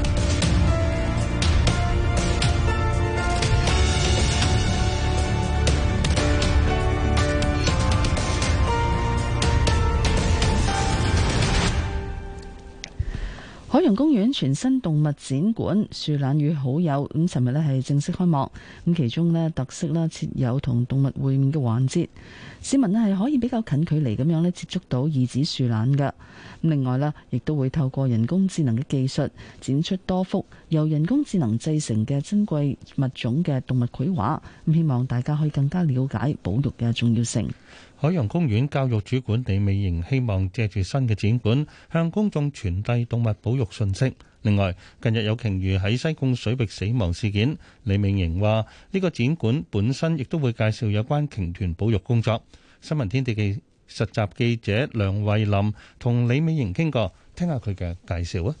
海洋公園全新動物展館樹懶與好友咁，尋日咧係正式開幕。咁其中咧特色咧設有同動物會面嘅環節，市民咧係可以比較近距離咁樣咧接觸到二趾樹懶嘅。另外啦，亦都會透過人工智能嘅技術，展出多幅由人工智能製成嘅珍貴物種嘅動物繪畫。咁希望大家可以更加了解保育嘅重要性。海洋公園教育主管李美盈希望借住新嘅展館向公眾傳遞動物保育信息。另外，近日有鯨魚喺西貢水域死亡事件，李美盈話呢個展館本身亦都會介紹有關鯨豚保育工作。新聞天地嘅實習記者梁慧琳同李美盈傾過，聽下佢嘅介紹啊。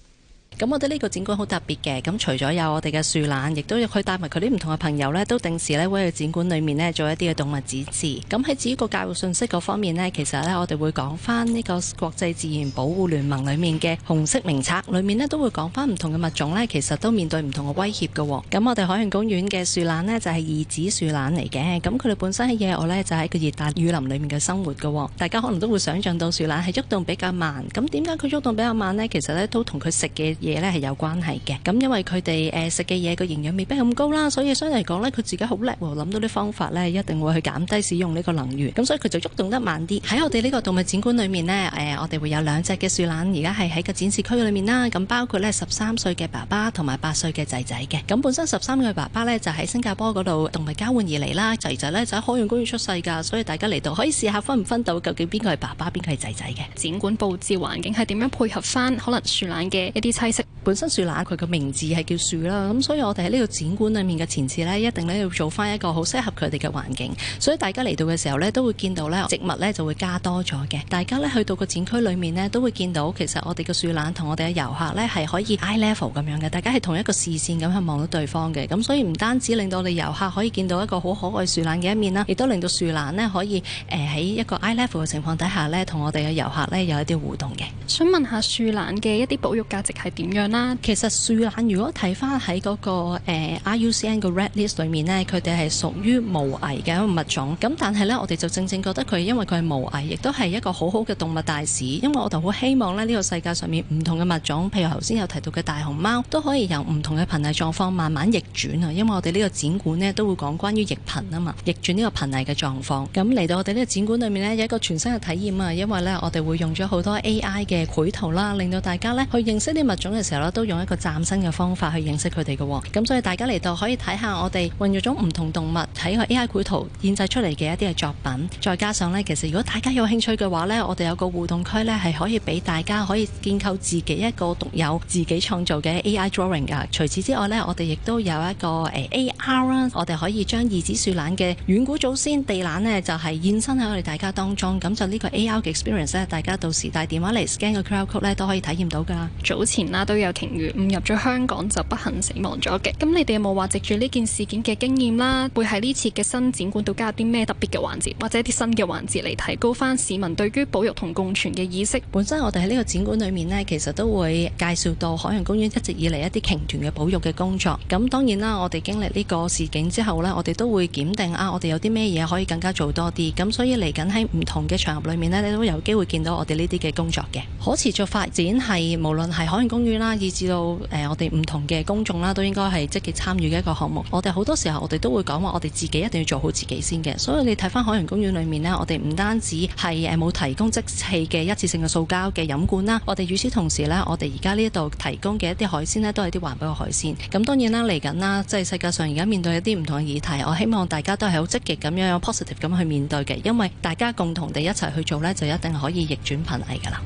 咁我覺得呢個展館好特別嘅，咁除咗有我哋嘅樹懶，亦都有佢帶埋佢啲唔同嘅朋友咧，都定時咧會去展館裏面咧做一啲嘅動物展示。咁喺至於個教育信息嗰方面咧，其實咧我哋會講翻呢個國際自然保護聯盟裏面嘅紅色名冊，裏面咧都會講翻唔同嘅物種咧，其實都面對唔同嘅威脅嘅、哦。咁我哋海洋公園嘅樹懶咧就係、是、二趾樹懶嚟嘅，咁佢哋本身喺野外咧就喺、是、個熱帶雨林裏面嘅生活嘅、哦。大家可能都會想象到樹懶係喐動，動比較慢，咁點解佢喐動比較慢咧？其實咧都同佢食嘅。嘢咧係有關係嘅，咁因為佢哋誒食嘅嘢個營養未必咁高啦，所以相對嚟講咧，佢自己好叻喎，諗到啲方法咧，一定會去減低使用呢個能源，咁所以佢就喐動得慢啲。喺我哋呢個動物展館裏面咧，誒、呃、我哋會有兩隻嘅樹懶，而家係喺個展示區裏面啦。咁包括咧十三歲嘅爸爸同埋八歲嘅仔仔嘅。咁本身十三歲嘅爸爸咧就喺新加坡嗰度動物交換而嚟啦，仔仔咧就喺海洋公園出世㗎，所以大家嚟到可以試下分唔分到究竟邊個係爸爸，邊個係仔仔嘅。展館佈置環境係點樣配合翻可能樹懶嘅一啲棲？本身樹懶佢嘅名字係叫樹啦，咁所以我哋喺呢個展館裏面嘅前次呢，一定呢要做翻一個好適合佢哋嘅環境，所以大家嚟到嘅時候呢，都會見到呢植物呢就會加多咗嘅。大家呢去到個展區裏面呢，都會見到其實我哋嘅樹懶同我哋嘅遊客呢係可以 eye level 咁樣嘅，大家係同一個視線咁去望到對方嘅，咁所以唔單止令到你遊客可以見到一個好可愛樹懶嘅一面啦，亦都令到樹懶呢可以誒喺、呃、一個 eye level 嘅情況底下呢，同我哋嘅遊客呢有一啲互動嘅。想問下樹懶嘅一啲保育價值係點？點樣啦？其實樹懶如果睇翻喺嗰個誒 IUCN、欸、嘅 Red List 裏面呢，佢哋係屬於無危嘅一個物種。咁但係呢，我哋就正正覺得佢因為佢係無危，亦都係一個好好嘅動物大使。因為我就好希望咧，呢、呢個世界上面唔同嘅物種，譬如頭先有提到嘅大熊貓，都可以由唔同嘅瀕危狀況慢慢逆轉啊！因為我哋呢個展館呢，都會講關於逆頻啊嘛，逆轉呢個瀕危嘅狀況。咁嚟到我哋呢個展館裏面呢，有一個全新嘅體驗啊！因為呢，我哋會用咗好多 AI 嘅繪圖啦，令到大家呢，去認識啲物種。嘅時候咧，都用一個嶄新嘅方法去認識佢哋嘅。咁所以大家嚟到可以睇下我哋運用咗唔同動物睇個 AI 繪圖現製出嚟嘅一啲嘅作品。再加上呢，其實如果大家有興趣嘅話呢，我哋有個互動區呢，係可以俾大家可以建構自己一個獨有自己創造嘅 AI drawing 噶。除此之外呢，我哋亦都有一個、欸、AR 啦，我哋可以將二指樹懶嘅遠古祖先地懶呢，就係、是、現身喺我哋大家當中。咁就呢個 AR 嘅 experience 咧，大家到時帶電話嚟 scan 個 QR code 咧，都可以體驗到噶。早前啦、啊、～都有鯨魚誤入咗香港，就不幸死亡咗嘅。咁你哋有冇話藉住呢件事件嘅經驗啦，會喺呢次嘅新展館度加入啲咩特別嘅環節，或者啲新嘅環節嚟，提高翻市民對於保育同共存嘅意識？本身我哋喺呢個展館裏面咧，其實都會介紹到海洋公園一直以嚟一啲鯨豚嘅保育嘅工作。咁當然啦，我哋經歷呢個事件之後咧，我哋都會檢定啊，我哋有啲咩嘢可以更加做多啲。咁所以嚟緊喺唔同嘅場合裏面咧，你都有機會見到我哋呢啲嘅工作嘅。可持續發展係無論係海洋公園。以至到誒，我哋唔同嘅公眾啦，都應該係積極參與嘅一個項目。我哋好多時候，我哋都會講話，我哋自己一定要做好自己先嘅。所以你睇返海洋公園裏面呢，我哋唔單止係誒冇提供即棄嘅一次性嘅塑膠嘅飲管啦，我哋與此同時呢，我哋而家呢度提供嘅一啲海鮮呢，都係啲環保嘅海鮮。咁當然啦，嚟緊啦，即係世界上而家面對一啲唔同嘅議題，我希望大家都係好積極咁樣有 positive 咁去面對嘅，因為大家共同地一齊去做呢，就一定可以逆轉瀕危㗎啦。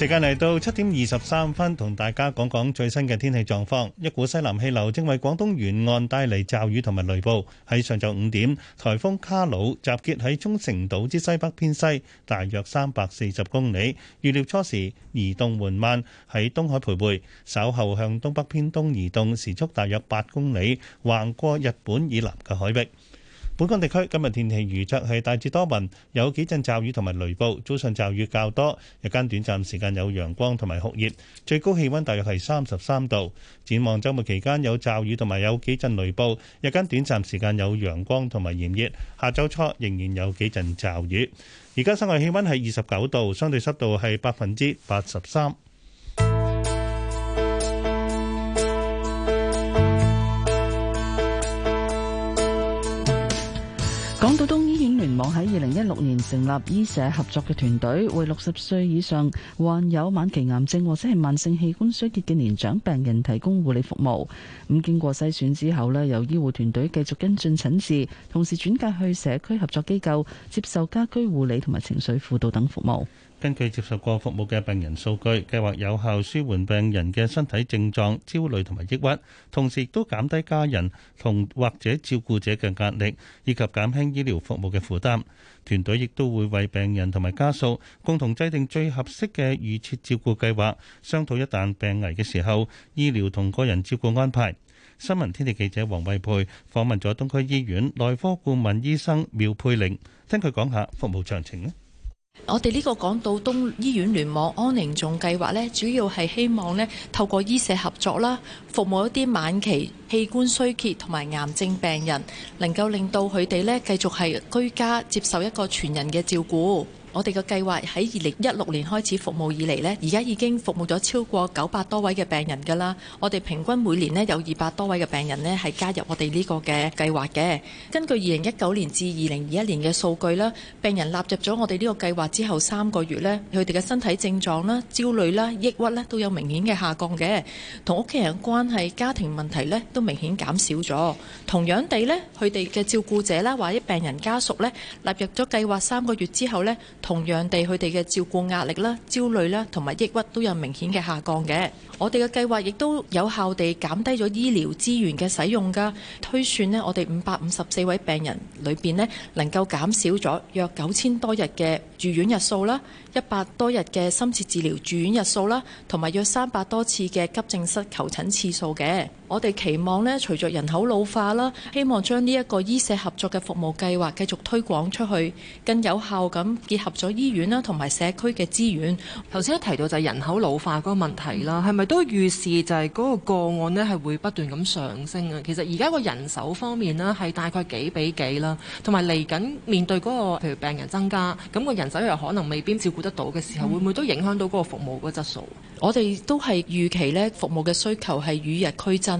時間嚟到七點二十三分，同大家講講最新嘅天氣狀況。一股西南氣流正為廣東沿岸帶嚟驟雨同埋雷暴。喺上晝五點，颱風卡魯集結喺沖繩島之西北偏西，大約三百四十公里。預料初時移動緩慢，喺東海徘徊，稍後向東北偏東移動，時速大約八公里，橫過日本以南嘅海域。本港地區今日天氣預測係大致多雲，有幾陣驟雨同埋雷暴，早上驟雨較多，日間短暫時間有陽光同埋酷熱，最高氣温大約係三十三度。展望周末期間有驟雨同埋有幾陣雷暴，日間短暫時間有陽光同埋炎熱，下週初仍然有幾陣驟雨。而家室外氣温係二十九度，相對濕度係百分之八十三。網喺二零一六年成立醫社合作嘅團隊，為六十歲以上患有晚期癌症或者係慢性器官衰竭嘅年長病人提供護理服務。咁經過篩選之後咧，由醫護團隊繼續跟進診治，同時轉介去社區合作機構接受家居護理同埋情緒輔導等服務。根據接受過服務嘅病人數據，計劃有效舒緩病人嘅身體症狀、焦慮同埋抑鬱，同時亦都減低家人同或者照顧者嘅壓力，以及減輕醫療服務嘅負擔。團隊亦都會為病人同埋家屬共同制定最合適嘅預設照顧計劃，商討一旦病危嘅時候，醫療同個人照顧安排。新聞天地記者黃惠佩訪問咗東區醫院內科顧問醫生苗佩玲，聽佢講下服務詳情咧。我哋呢個港島東醫院聯網安寧總計劃呢，主要係希望呢透過醫社合作啦，服務一啲晚期器官衰竭同埋癌症病人，能夠令到佢哋呢繼續係居家接受一個全人嘅照顧。我哋嘅計劃喺二零一六年開始服務以嚟，呢而家已經服務咗超過九百多位嘅病人㗎啦。我哋平均每年呢，有二百多位嘅病人呢係加入我哋呢個嘅計劃嘅。根據二零一九年至二零二一年嘅數據啦，病人納入咗我哋呢個計劃之後三個月呢，佢哋嘅身體症狀啦、焦慮啦、抑鬱呢都有明顯嘅下降嘅。同屋企人嘅關係、家庭問題呢都明顯減少咗。同樣地呢，佢哋嘅照顧者啦，或者病人家屬呢，納入咗計劃三個月之後呢。同樣地，佢哋嘅照顧壓力啦、焦慮啦同埋抑鬱都有明顯嘅下降嘅。我哋嘅計劃亦都有效地減低咗醫療資源嘅使用㗎。推算呢，我哋五百五十四位病人裏邊呢，能夠減少咗約九千多日嘅住院日數啦，一百多日嘅深切治療住院日數啦，同埋約三百多次嘅急症室求診次數嘅。我哋期望呢，隨着人口老化啦，希望將呢一個醫社合作嘅服務計劃繼續推廣出去，更有效咁結合咗醫院啦同埋社區嘅資源。頭先一提到就係人口老化嗰個問題啦，係咪都預示就係嗰個個案呢，係會不斷咁上升啊？其實而家個人手方面啦，係大概幾比幾啦，同埋嚟緊面對嗰個譬如病人增加，咁個人手又可能未必照顧得到嘅時候，嗯、會唔會都影響到嗰個服務嗰質素？我哋都係預期呢，服務嘅需求係與日俱增。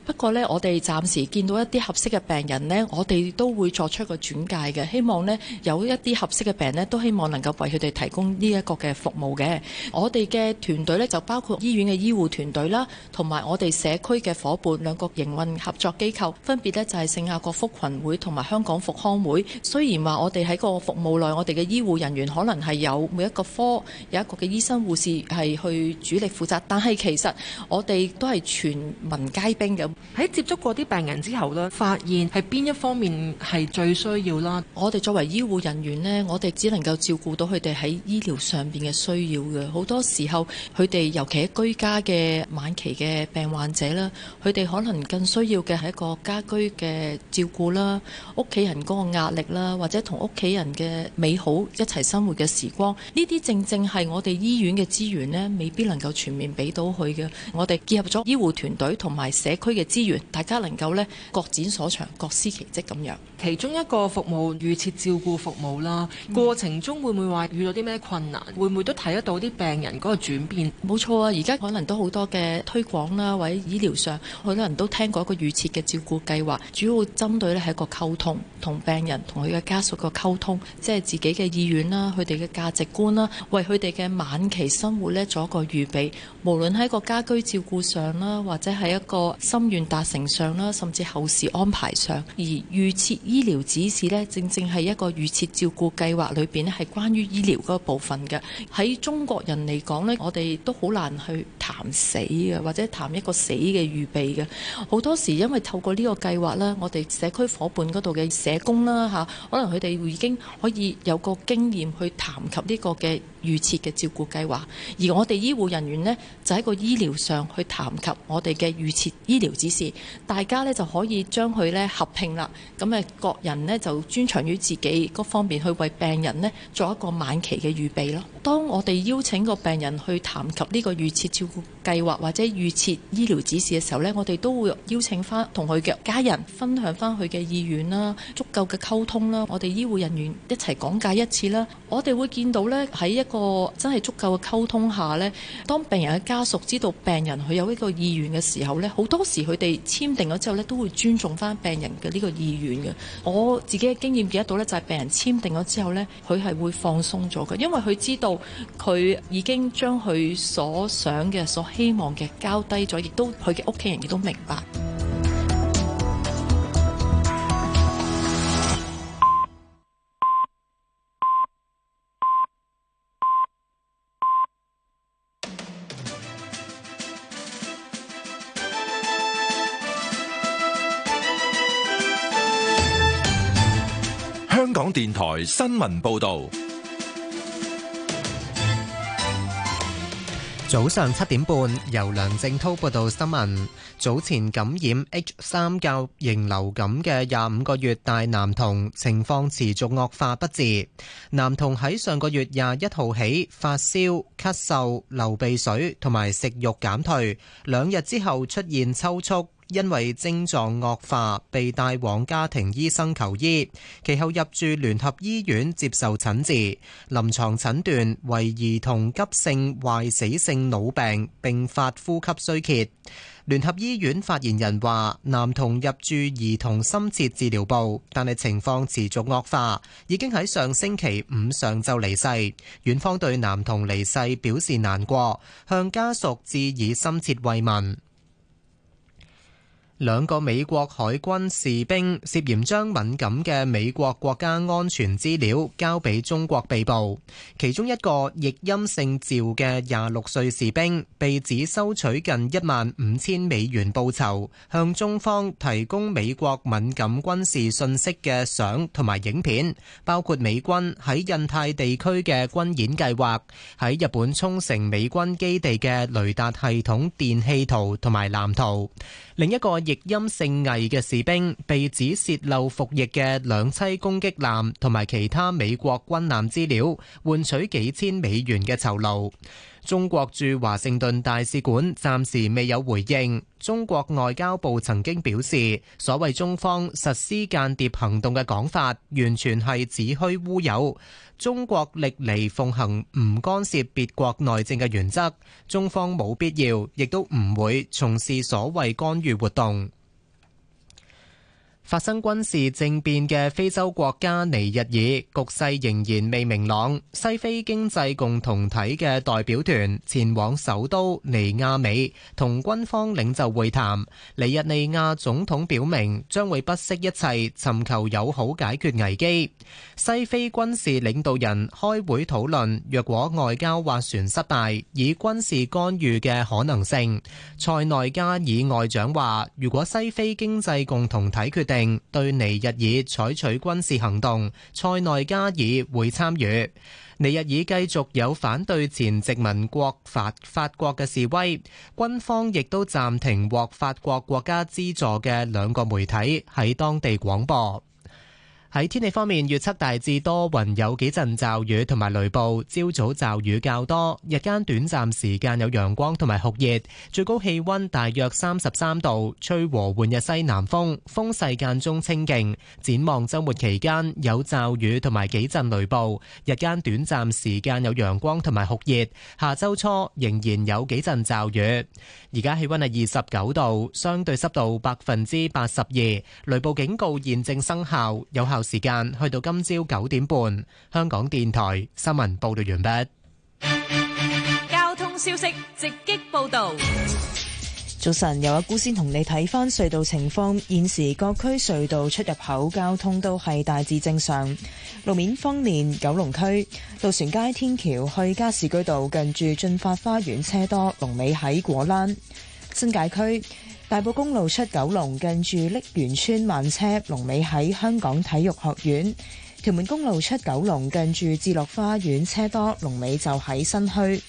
不過呢，我哋暫時見到一啲合適嘅病人呢，我哋都會作出個轉介嘅。希望呢，有一啲合適嘅病人呢，都希望能夠為佢哋提供呢一個嘅服務嘅。我哋嘅團隊呢，就包括醫院嘅醫護團隊啦，同埋我哋社區嘅伙伴兩個營運合作機構，分別呢就係聖雅各福群會同埋香港復康會。雖然話我哋喺個服務內，我哋嘅醫護人員可能係有每一個科有一個嘅醫生護士係去主力負責，但係其實我哋都係全民皆兵嘅。喺接觸過啲病人之後呢，發現係邊一方面係最需要啦。我哋作為醫護人員呢，我哋只能夠照顧到佢哋喺醫療上面嘅需要嘅。好多時候，佢哋尤其係居家嘅晚期嘅病患者啦，佢哋可能更需要嘅係一個家居嘅照顧啦、屋企人嗰個壓力啦，或者同屋企人嘅美好一齊生活嘅時光。呢啲正正係我哋醫院嘅資源呢，未必能夠全面俾到佢嘅。我哋結合咗醫護團隊同埋社區嘅。資源，大家能夠咧，各展所長、各司其職咁樣。其中一個服務預設照顧服務啦，過程中會唔會話遇到啲咩困難？會唔會都睇得到啲病人嗰個轉變？冇錯啊，而家可能都好多嘅推廣啦，或者醫療上，好多人都聽過一個預設嘅照顧計劃，主要針對呢係一個溝通，同病人同佢嘅家屬個溝通，即係自己嘅意願啦、佢哋嘅價值觀啦，為佢哋嘅晚期生活呢做一個預備。無論喺個家居照顧上啦，或者係一個心。願達成上啦，甚至後事安排上，而預設醫療指示呢，正正係一個預設照顧計劃裏邊咧，係關於醫療嗰部分嘅。喺中國人嚟講呢，我哋都好難去談死嘅，或者談一個死嘅預備嘅。好多時因為透過呢個計劃啦，我哋社區夥伴嗰度嘅社工啦，吓，可能佢哋已經可以有個經驗去談及呢個嘅。預設嘅照顧計劃，而我哋醫護人員呢，就喺個醫療上去談及我哋嘅預設醫療指示，大家呢，就可以將佢呢合併啦。咁誒，各人呢，就專長於自己嗰方面去為病人呢做一個晚期嘅預備咯。當我哋邀請個病人去談及呢個預設照顧計劃或者預設醫療指示嘅時候呢，我哋都會邀請翻同佢嘅家人分享翻佢嘅意願啦、足夠嘅溝通啦。我哋醫護人員一齊講解一次啦。我哋會見到呢，喺一個真係足夠嘅溝通下呢，當病人嘅家屬知道病人佢有一個意願嘅時候呢，好多時佢哋簽訂咗之後呢，都會尊重翻病人嘅呢個意願嘅。我自己嘅經驗記得到呢，就係病人簽訂咗之後呢，佢係會放鬆咗嘅，因為佢知道佢已經將佢所想嘅、所希望嘅交低咗，亦都佢嘅屋企人亦都明白。香港電台新聞報道：早上七點半，由梁正濤報道新聞。早前感染 H 三九型流感嘅廿五個月大男童，情況持續惡化不治。男童喺上個月廿一號起發燒、咳嗽、流鼻水，同埋食欲減退，兩日之後出現抽搐。因為症狀惡化，被帶往家庭醫生求醫，其後入住聯合醫院接受診治。臨床診斷為兒童急性壞死性腦病，並發呼吸衰竭。聯合醫院發言人話：男童入住兒童深切治療部，但係情況持續惡化，已經喺上星期五上晝離世。院方對男童離世表示難過，向家屬致以深切慰問。兩個美國海軍士兵涉嫌將敏感嘅美國國家安全資料交俾中國被捕，其中一個譯音姓趙嘅廿六歲士兵被指收取近一萬五千美元報酬，向中方提供美國敏感軍事信息嘅照片同埋影片，包括美軍喺印太地區嘅軍演計劃，喺日本沖繩美軍基地嘅雷達系統電氣圖同埋藍圖。另一個譯音姓魏嘅士兵被指洩漏服役嘅兩棲攻擊艦同埋其他美國軍艦資料，換取幾千美元嘅酬勞。中國駐華盛頓大使館暫時未有回應。中國外交部曾經表示，所謂中方實施間諜行動嘅講法，完全係子虛烏有。中國歷嚟奉行唔干涉別國內政嘅原則，中方冇必要，亦都唔會從事所謂干預活動。發生軍事政變嘅非洲國家尼日爾，局勢仍然未明朗。西非經濟共同體嘅代表團前往首都尼亞美同軍方領袖會談。尼日利亞總統表明將會不惜一切尋求友好解決危機。西非軍事領導人開會討論，若果外交斡旋失敗，以軍事干預嘅可能性。塞內加爾外長話，如果西非經濟共同體決定。定對尼日爾採取軍事行動，塞內加爾會參與。尼日爾繼續有反對前殖民國法法國嘅示威，軍方亦都暫停獲法國國家資助嘅兩個媒體喺當地廣播。喺天氣方面，預測大致多雲，有幾陣驟雨同埋雷暴。朝早驟雨較多，日間短暫時間有陽光同埋酷熱，最高氣溫大約三十三度，吹和緩嘅西南風，風勢間中清勁。展望週末期間有驟雨同埋幾陣雷暴，日間短暫時間有陽光同埋酷熱。下週初仍然有幾陣驟雨。而家氣溫係二十九度，相對濕度百分之八十二，雷暴警告現正生效，有效。時間去到今朝九點半，香港電台新聞報道完畢。交通消息直擊報道，早晨，有阿姑先同你睇翻隧道情況。現時各區隧道出入口交通都係大致正常。路面方面，九龍區渡船街天橋去加士居道近住駿發花園車多，龍尾喺果欄。新界區。大埔公路出九龍近住瀝源村慢車，龍尾喺香港體育學院；屯門公路出九龍近住智樂花園車多，龍尾就喺新墟。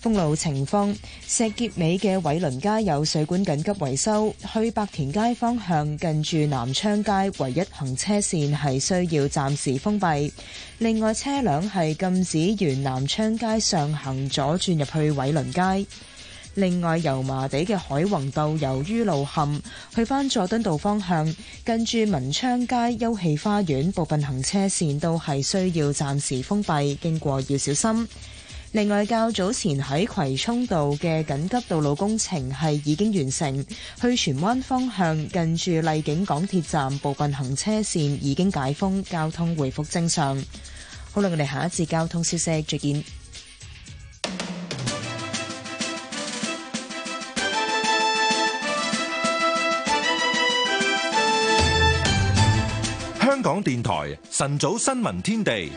封路情況：石硤尾嘅偉倫街有水管緊急維修，去白田街方向近住南昌街唯一行車線係需要暫時封閉。另外，車輛係禁止沿南昌街上行左轉入去偉倫街。另外，油麻地嘅海泓道由於路陷，去返佐敦道方向，近住文昌街休憩花園部分行車線都係需要暫時封閉，經過要小心。另外，較早前喺葵涌道嘅緊急道路工程係已經完成，去荃灣方向，近住荔景港鐵站部分行車線已經解封，交通回復正常。好啦，我哋下一節交通消息再見。電台晨早新聞天地，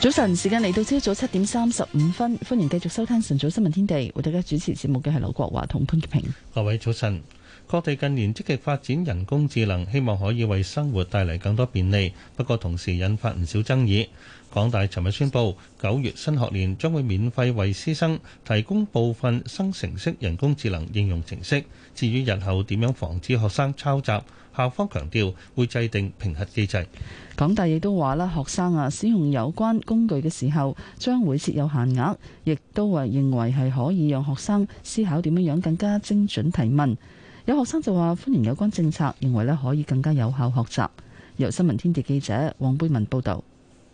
早晨，時間嚟到朝早七點三十五分，歡迎繼續收聽晨早新聞天地，為大家主持節目嘅係劉國華同潘潔平，各位早晨。各地近年積極發展人工智能，希望可以為生活帶嚟更多便利。不過，同時引發唔少爭議。港大尋日宣布，九月新學年將會免費為師生提供部分生成式人工智能應用程式。至於日後點樣防止學生抄襲，校方強調會制定評核機制。港大亦都話啦，學生啊使用有關工具嘅時候將會設有限額，亦都話認為係可以讓學生思考點樣樣更加精準提問。有學生就話歡迎有關政策，認為咧可以更加有效學習。由新聞天地記者黃貝文報導，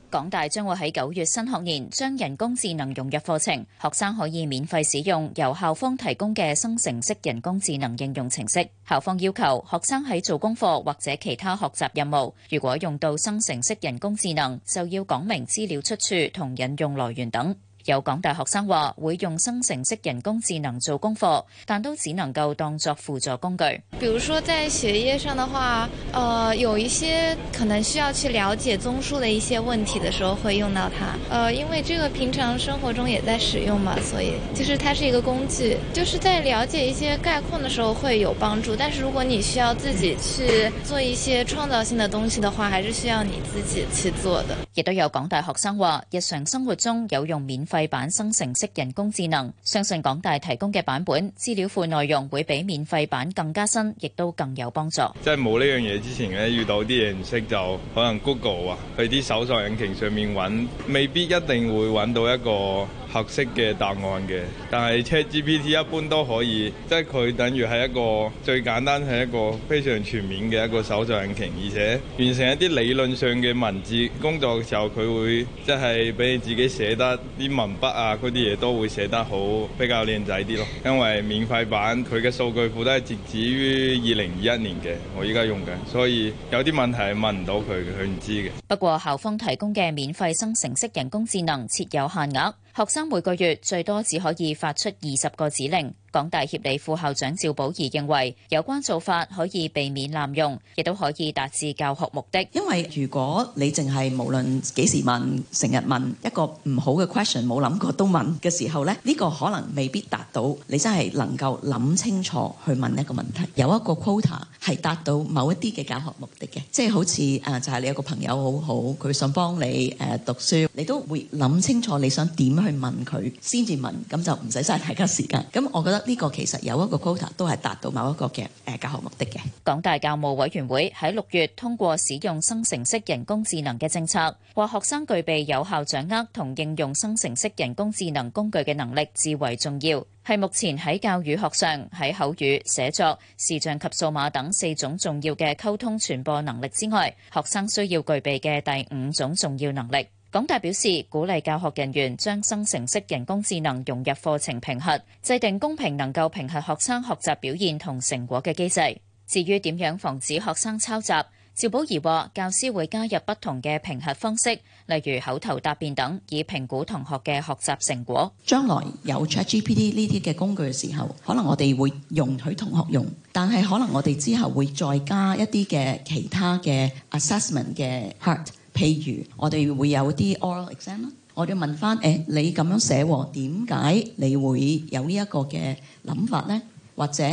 港大將會喺九月新學年將人工智能融入課程，學生可以免費使用由校方提供嘅生成式人工智能應用程式。校方要求學生喺做功課或者其他學習任務，如果用到生成式人工智能，就要講明資料出處同引用來源等。有港大學生話，會用生成式人工智能做功課，但都只能夠當作輔助工具。比如說在學業上的話，呃，有一些可能需要去了解綜述的一些問題的時候，會用到它。呃，因為這個平常生活中也在使用嘛，所以就是它是一個工具，就是在了解一些概況的時候會有幫助。但是如果你需要自己去做一些創造性的東西的話，還是需要你自己去做的。亦都有港大學生話，日常生活中有用免費費版生成式人工智能，相信港大提供嘅版本資料庫內容會比免費版更加新，亦都更有幫助。即係冇呢樣嘢之前咧，遇到啲嘢唔識就可能 Google 啊，去啲搜索引擎上面揾，未必一定會揾到一個。合適嘅答案嘅，但係 ChatGPT 一般都可以，即係佢等於係一個最簡單係一個非常全面嘅一個搜索引擎，而且完成一啲理論上嘅文字工作嘅時候，佢會即係俾你自己寫得啲文筆啊嗰啲嘢，都會寫得好比較靚仔啲咯。因為免費版佢嘅數據庫都係截止於二零二一年嘅，我依家用緊，所以有啲問題係問唔到佢，佢唔知嘅。不過校方提供嘅免費生成式人工智能設有限額。學生每個月最多只可以發出二十個指令。港大協理副校長趙寶儀認為，有關做法可以避免濫用，亦都可以達至教學目的。因為如果你淨係無論幾時問，成日問一個唔好嘅 question，冇諗過都問嘅時候咧，呢、呢個可能未必達到你真係能夠諗清楚去問一個問題。有一個 quota 係達到某一啲嘅教學目的嘅，即係好似誒就係你有個朋友好好，佢想幫你誒、呃、讀書，你都會諗清楚你想點去問佢先至問，咁就唔使嘥大家時間。咁我覺得。呢個其實有一個 quota，都係達到某一個嘅誒教學目的嘅。港大教務委員會喺六月通過使用生成式人工智能嘅政策，話學生具備有效掌握同應用生成式人工智能工具嘅能力至為重要，係目前喺教與學上喺口語、寫作、視像及數碼等四種重要嘅溝通傳播能力之外，學生需要具備嘅第五種重要能力。港大表示，鼓勵教學人員將生成式人工智能融入課程評核，制定公平能夠評核學生學習表現同成果嘅機制。至於點樣防止學生抄襲，趙寶儀話，教師會加入不同嘅評核方式，例如口頭答辯等，以評估同學嘅學習成果。將來有 ChatGPT 呢啲嘅工具嘅時候，可能我哋會容許同學用，但係可能我哋之後會再加一啲嘅其他嘅 assessment 嘅 part。譬如我哋會有啲 oral exam，我就問返，哎，你咁樣寫喎，點解你會有呢一個嘅諗法呢？」或者？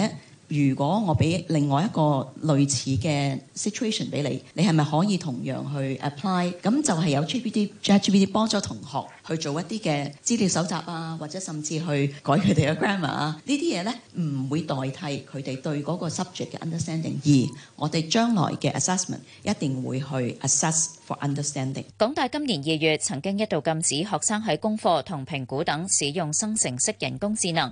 如果我俾另外一個類似嘅 situation 俾你，你係咪可以同樣去 apply？咁就係有 ChatGPT 幫咗同學去做一啲嘅資料搜集啊，或者甚至去改佢哋嘅 grammar 啊，呢啲嘢咧，唔會代替佢哋對嗰個 subject 嘅 understanding。而我哋將來嘅 assessment 一定會去 assess for understanding。港大今年二月曾經一度禁止學生喺功課同評估等使用生成式人工智能。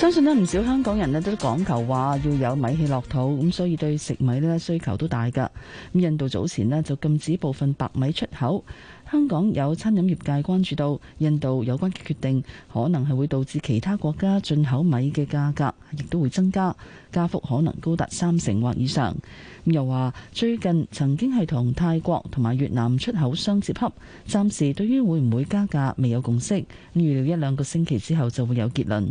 相信呢唔少香港人呢都講求話要有米氣落肚，咁所以對食米呢需求都大噶。咁印度早前呢就禁止部分白米出口，香港有餐飲業界關注到印度有關嘅決定，可能係會導致其他國家進口米嘅價格亦都會增加，加幅可能高達三成或以上。又話最近曾經係同泰國同埋越南出口商接洽，暫時對於會唔會加價未有共識，預料一兩個星期之後就會有結論。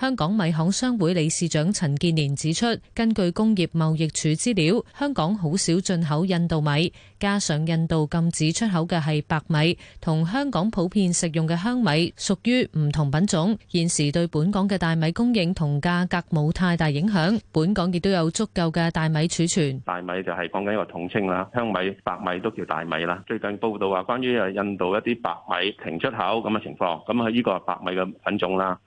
香港米行商會理事長陳建年指出，根據工業貿易署資料，香港好少進口印度米，加上印度禁止出口嘅係白米，同香港普遍食用嘅香米屬於唔同品種，現時對本港嘅大米供應同價格冇太大影響，本港亦都有足夠嘅大米儲存。大米就係講緊一個統稱啦，香米白米都叫大米啦。最近報道話關於印度一啲白米停出口嘅情況，咁啊呢個係白米嘅品種啦，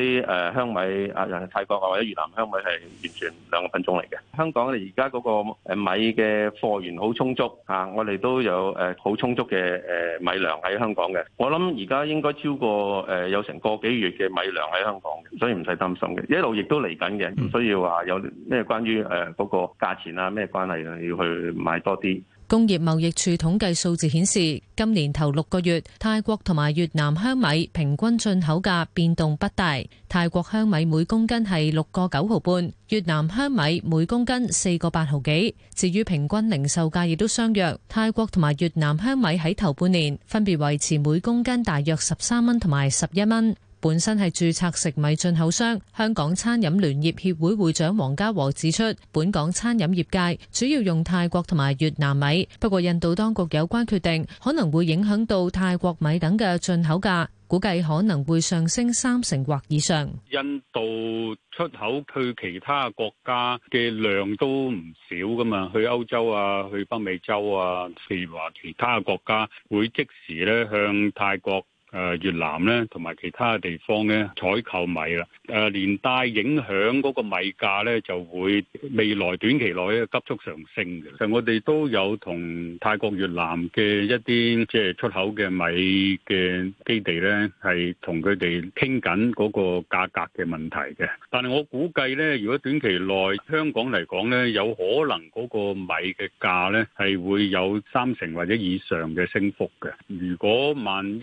啲誒香米啊，泰國啊或者越南香米係完全兩個品種嚟嘅。香港而家嗰個誒米嘅貨源好充足啊，我哋都有誒好、呃、充足嘅誒、呃、米糧喺香港嘅。我諗而家應該超過誒、呃、有成個幾月嘅米糧喺香港，所以唔使擔心嘅。一路亦都嚟緊嘅，唔需要話有咩關於誒嗰、呃那個價錢啊咩關係啊要去買多啲。工業貿易處統計數字顯示，今年頭六個月，泰國同埋越南香米平均進口價變動不大。泰國香米每公斤係六個九毫半，越南香米每公斤四個八毫幾。至於平均零售價亦都相若，泰國同埋越南香米喺頭半年分別維持每公斤大約十三蚊同埋十一蚊。本身係註冊食米進口商，香港餐飲聯業協會會長黃家和指出，本港餐飲業界主要用泰國同埋越南米，不過印度當局有關決定，可能會影響到泰國米等嘅進口價，估計可能會上升三成或以上。印度出口去其他國家嘅量都唔少噶嘛，去歐洲啊，去北美洲啊，譬如話其他國家會即時咧向泰國誒越南咧，同埋其他嘅地方咧採購米啦，誒、呃、連帶影響嗰個米價咧，就會未來短期內呢急速上升嘅。其實我哋都有同泰國越南嘅一啲即係出口嘅米嘅基地咧，係同佢哋傾緊嗰個價格嘅問題嘅。但係我估計咧，如果短期內香港嚟講咧，有可能嗰個米嘅價咧係會有三成或者以上嘅升幅嘅。如果萬一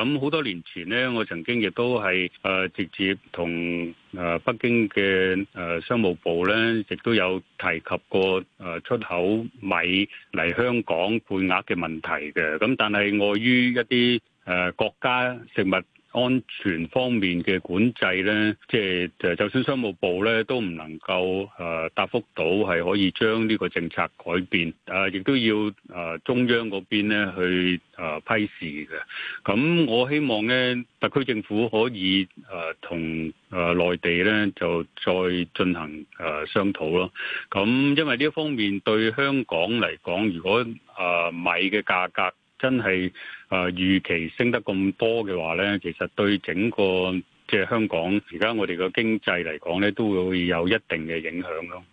咁好多年前呢，我曾經亦都係誒直接同誒北京嘅誒商務部呢，亦都有提及過誒出口米嚟香港配額嘅問題嘅。咁但係礙於一啲誒、呃、國家食物安全方面嘅管制呢，即係就就算商務部呢都唔能夠誒答覆到係可以將呢個政策改變，誒亦都要誒中央嗰邊咧去誒批示嘅。咁我希望呢特區政府可以誒同誒內地呢就再進行誒商討咯。咁因為呢一方面對香港嚟講，如果誒米嘅價格，真係啊，預期升得咁多嘅話咧，其實對整個即係香港而家我哋嘅經濟嚟講咧，都會有一定嘅影響咯。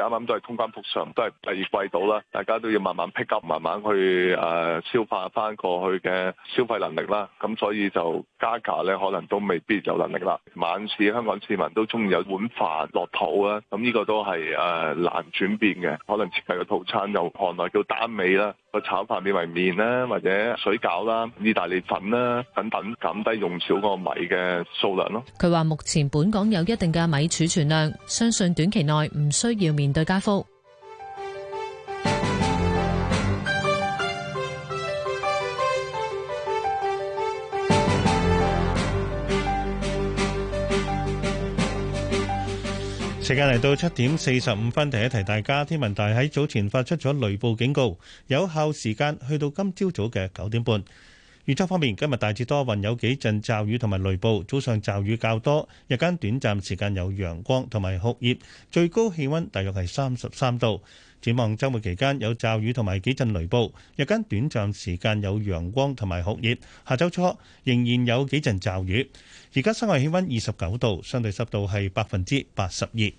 啱啱都係通關復常，都係第二季度啦，大家都要慢慢 pick up，慢慢去誒消化翻過去嘅消費能力啦。咁所以就加價咧，可能都未必有能力啦。晚市香港市民都中意有碗飯落肚啊，咁、這、呢個都係誒難轉變嘅。可能設計個套餐又看來叫單味啦，個炒飯變為麵啦，或者水餃啦、意大利粉啦等等，減低用少個米嘅數量咯。佢話目前本港有一定嘅米儲存量，相信短期內唔需要面面對加幅。時間嚟到七點四十五分，提一提大家，天文台喺早前發出咗雷暴警告，有效時間去到今朝早嘅九點半。預測方面，今日大致多雲，有幾陣驟雨同埋雷暴。早上驟雨較多，日間短暫時間有陽光同埋酷熱，最高氣溫大約係三十三度。展望周末期間有驟雨同埋幾陣雷暴，日間短暫時間有陽光同埋酷熱。下周初仍然有幾陣驟雨。而家室外氣溫二十九度，相對濕度係百分之八十二。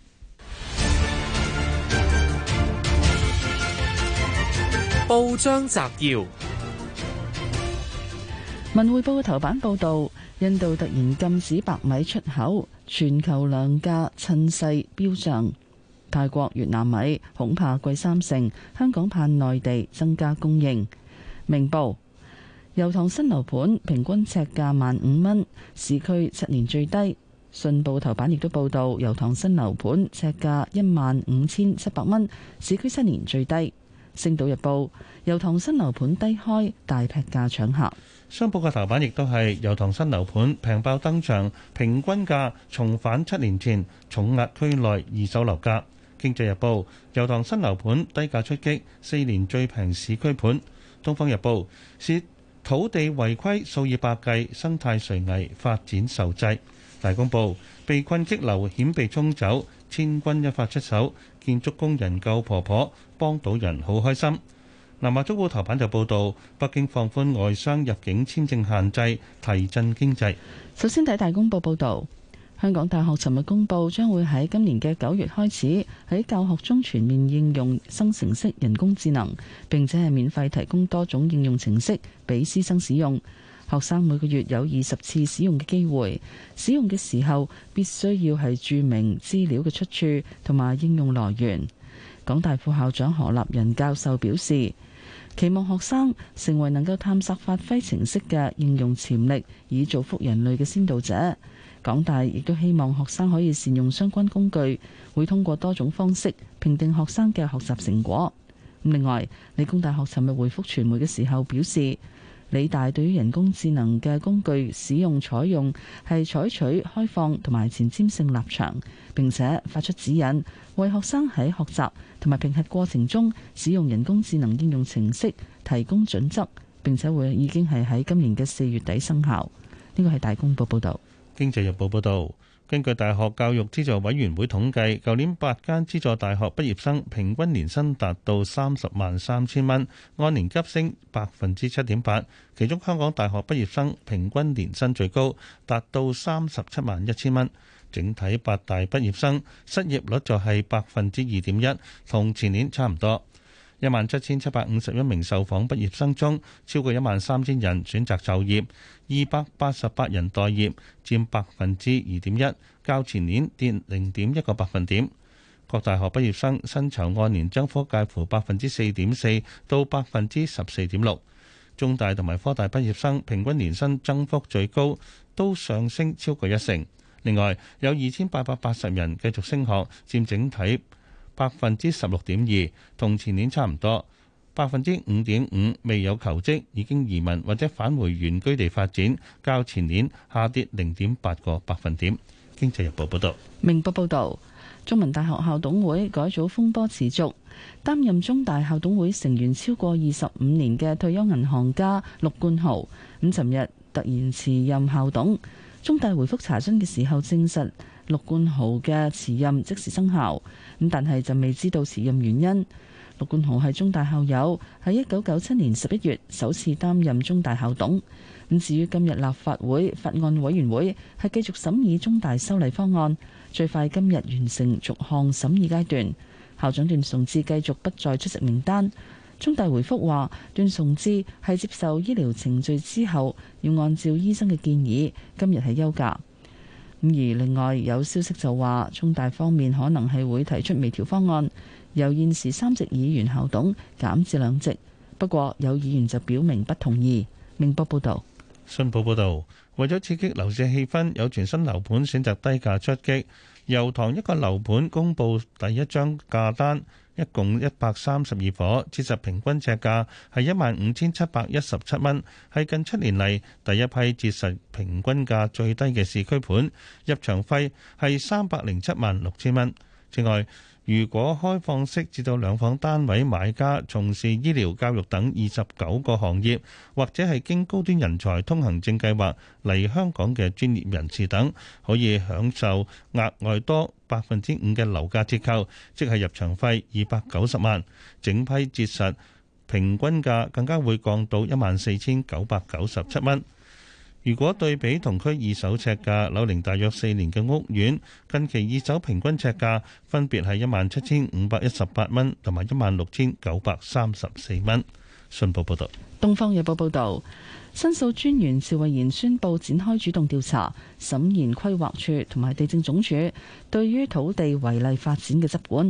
報章摘要。文匯報頭版報道，印度突然禁止白米出口，全球糧價趁勢飆漲。泰國越南米恐怕貴三成。香港盼內地增加供應。明報油塘新樓盤平均尺價萬五蚊，市區七年最低。信報頭版亦都報道，油塘新樓盤尺價一萬五千七百蚊，市區七年最低。星島日報油塘新樓盤低開，大劈價搶客。商報嘅頭版亦都係油塘新樓盤平爆登場，平均價重返七年前重壓區內二手樓價。經濟日報油塘新樓盤低價出擊，四年最平市區盤。東方日報涉土地違規數以百計，生態垂危發展受制。大公報被困激流險被沖走，千鈞一髮出手，建築工人救婆婆，幫到人好開心。《南華早報》頭版就報道，北京放寬外商入境簽證限制，提振經濟。首先睇大公報報道，香港大學尋日公布，將會喺今年嘅九月開始喺教學中全面應用生成式人工智能，並且係免費提供多種應用程式俾師生使用。學生每個月有二十次使用嘅機會，使用嘅時候必須要係注明資料嘅出處同埋應用來源。港大副校長何立仁教授表示，期望學生成為能夠探索發揮程式嘅應用潛力，以造福人類嘅先導者。港大亦都希望學生可以善用相關工具，會通過多種方式評定學生嘅學習成果。另外，理工大學尋日回覆傳媒嘅時候表示。理大對於人工智能嘅工具使用採用係採取開放同埋前瞻性立場，並且發出指引，為學生喺學習同埋評核過程中使用人工智能應用程式提供準則。並且會已經係喺今年嘅四月底生效。呢個係大公報報導，《經濟日報》報導。根據大學教育資助委員會統計，舊年八間資助大學畢業生平均年薪達到三十萬三千蚊，按年急升百分之七點八。其中香港大學畢業生平均年薪最高，達到三十七萬一千蚊。整體八大畢業生失業率就係百分之二點一，同前年差唔多。一萬七千七百五十一名受訪畢業生中，超過一萬三千人選擇就業。二百八十八人待業，佔百分之二點一，較前年跌零點一個百分點。各大學畢業生薪酬按年增幅介乎百分之四點四到百分之十四點六，中大同埋科大畢業生平均年薪增幅最高，都上升超過一成。另外，有二千八百八十人繼續升學，佔整體百分之十六點二，同前年差唔多。百分之五點五未有求職，已經移民或者返回原居地發展，較前年下跌零點八個百分點。經濟日報報道。明報報道，中文大學校董會改組風波持續。擔任中大校董會成員超過二十五年嘅退休銀行家陸冠豪，咁尋日突然辭任校董。中大回覆查詢嘅時候，證實陸冠豪嘅辭任即時生效，咁但係就未知道辭任原因。陸冠雄係中大校友，喺一九九七年十一月首次擔任中大校董。咁至於今日立法會法案委員會係繼續審議中大修例方案，最快今日完成逐項審議階段。校長段崇智繼續不再出席名單。中大回覆話段崇智係接受醫療程序之後，要按照醫生嘅建議，今日係休假。咁而另外有消息就話，中大方面可能係會提出微調方案。由現時三席議員校董減至兩席，不過有議員就表明不同意。明報報導，信報報導，為咗刺激樓市氣氛，有全新樓盤選擇低價出擊。油塘一個樓盤公布第一張價單，一共一百三十二伙，折實平均尺價係一萬五千七百一十七蚊，係近七年嚟第一批折實平均價最低嘅市區盤，入場費係三百零七萬六千蚊。此外，如果開放式至到兩房單位買家，從事醫療、教育等二十九個行業，或者係經高端人才通行證計劃嚟香港嘅專業人士等，可以享受額外多百分之五嘅樓價折扣，即係入場費二百九十萬，整批折實平均價更加會降到一萬四千九百九十七蚊。如果對比同區二手尺價，樓齡大約四年嘅屋苑，近期二手平均尺價分別係一萬七千五百一十八蚊同埋一萬六千九百三十四蚊。信報報導，東方日報報道，申訴專員趙慧賢宣布展開主動調查，審研規劃處同埋地政總署對於土地違例發展嘅執管。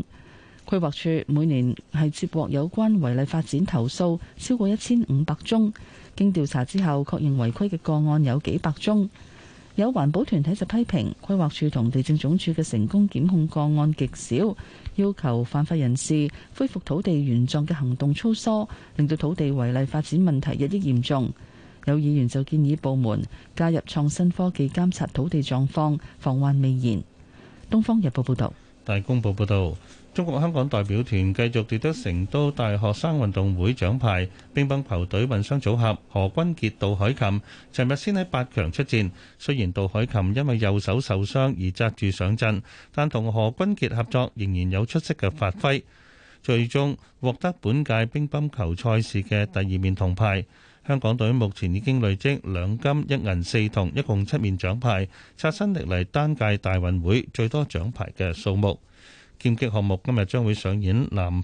規劃處每年係接獲有關違例發展投訴超過一千五百宗。經調查之後，確認違規嘅個案有幾百宗。有環保團體就批評規劃署同地政總署嘅成功檢控個案極少，要求犯法人士恢復土地原狀嘅行動粗疏，令到土地違例發展問題日益嚴重。有議員就建議部門加入創新科技監察土地狀況，防患未然。《東方日報》報道。大公報報導，中國香港代表團繼續奪得成都大學生運動會獎牌，乒乓球隊混雙組合何鈞傑、杜凱琹，尋日先喺八強出戰，雖然杜凱琹因為右手受傷而紮住上陣，但同何鈞傑合作仍然有出色嘅發揮，最終獲得本屆乒乓球賽事嘅第二面銅牌。香港隊目前已經累積兩金一銀四銅，一共七面獎牌，刷新歷嚟單屆大運會最多獎牌嘅數目。劍擊項目今日將會上演男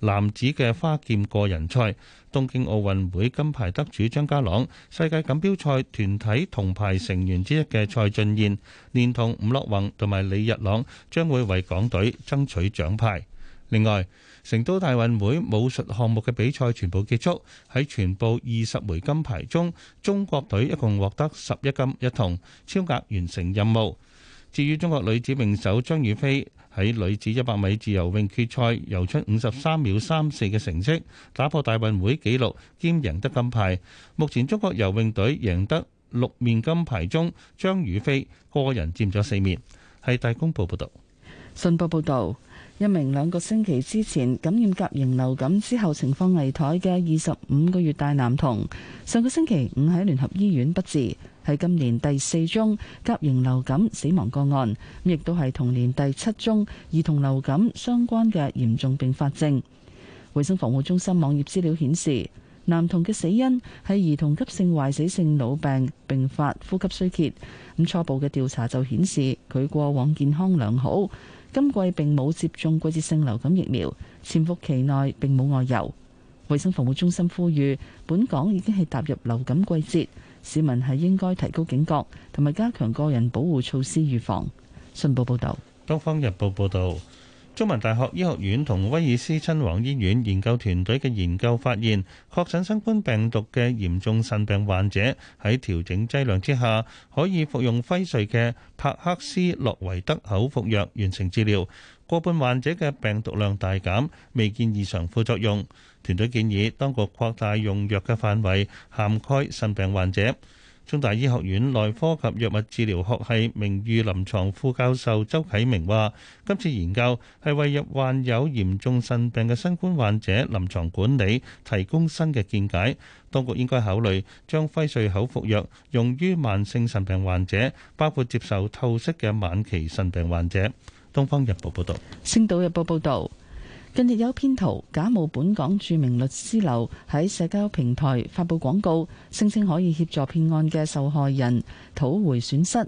男子嘅花劍個人賽，東京奧運會金牌得主張家朗、世界錦標賽團體銅牌成員之一嘅蔡俊彥，連同伍樂宏同埋李日朗，將會為港隊爭取獎牌。另外，成都大運會武術項目嘅比賽全部結束，喺全部二十枚金牌中，中國隊一共獲得十一金一銅，超額完成任務。至於中國女子泳手張雨霏喺女子一百米自由泳決賽游出五十三秒三四嘅成績，打破大運會紀錄兼贏得金牌。目前中國游泳隊贏得六面金牌中，張雨霏個人佔咗四面。係大公報報道，信報報道。一名兩個星期之前感染甲型流感之後情況危殆嘅二十五個月大男童，上個星期五喺聯合醫院不治，係今年第四宗甲型流感死亡個案，亦都係同年第七宗兒童流感相關嘅嚴重併發症。衞生防護中心網頁資料顯示，男童嘅死因係兒童急性壞死性腦病併發呼吸衰竭，咁初步嘅調查就顯示佢過往健康良好。今季並冇接種季節性流感疫苗，潛伏期內並冇外遊。衞生防護中心呼籲，本港已經係踏入流感季節，市民係應該提高警覺，同埋加強個人保護措施預防。信報報道。《東方日報》報導。中文大學醫學院同威爾斯親王醫院研究團隊嘅研究發現，確診新冠病毒嘅嚴重腎病患者喺調整劑量之下，可以服用輝瑞嘅帕克斯洛維德口服藥完成治療。過半患者嘅病毒量大減，未見異常副作用。團隊建議當局擴大用藥嘅範圍，涵蓋腎病患者。中大醫學院內科及藥物治療學系名譽臨牀副教授周啟明話，今次研究係為入患有嚴重腎病嘅新冠患者臨牀管理提供新嘅見解。當局應該考慮將輝瑞口服藥用於慢性腎病患者，包括接受透析嘅晚期腎病患者。東方日報報道，星島日報報道。近日有騙徒假冒本港著名律師樓喺社交平台發布廣告，聲稱可以協助騙案嘅受害人討回損失。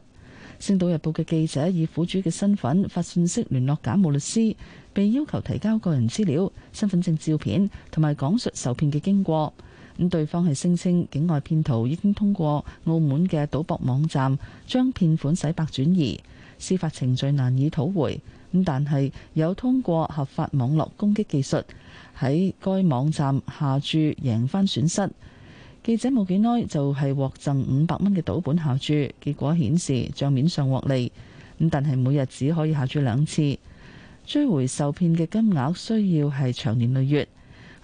星島日報嘅記者以苦主嘅身份發信息聯絡假冒律師，被要求提交個人資料、身份證照片同埋講述受騙嘅經過。咁對方係聲稱境外騙徒已經通過澳門嘅賭博網站將騙款洗白轉移，司法程序難以討回。咁但係有通過合法網絡攻擊技術喺該網站下注贏返損失。記者冇幾耐就係獲贈五百蚊嘅賭本下注，結果顯示帳面上獲利。咁但係每日只可以下注兩次，追回受騙嘅金額需要係長年累月。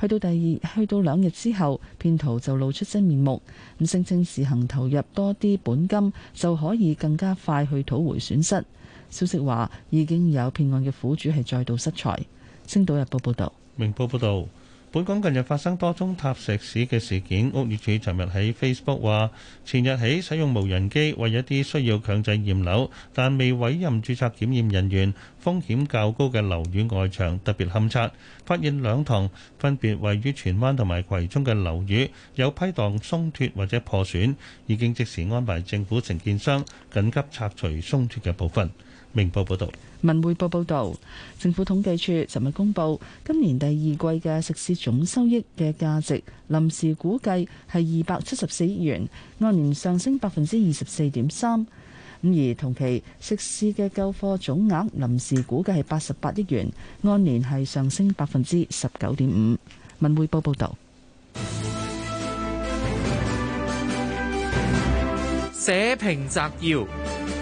去到第二去到兩日之後，騙徒就露出真面目。咁聲稱自行投入多啲本金就可以更加快去討回損失。消息話已經有騙案嘅苦主係再度失財。星島日報報道：「明報報道，本港近日發生多宗塌石屎嘅事件。屋宇署尋日喺 Facebook 話，前日起使用無人機為一啲需要強制驗樓但未委任註冊檢驗人員、風險較高嘅樓宇外牆特別勘察，發現兩幢分別位於荃灣同埋葵涌嘅樓宇有批盪鬆脱或者破損，已經即時安排政府承建商緊急拆除鬆脱嘅部分。報報道，文匯報報道，政府統計處尋日公布今年第二季嘅食肆總收益嘅價值，臨時估計係二百七十四億元，按年上升百分之二十四點三。咁而同期食肆嘅購貨總額臨時估計係八十八億元，按年係上升百分之十九點五。文匯報報道，社評摘要。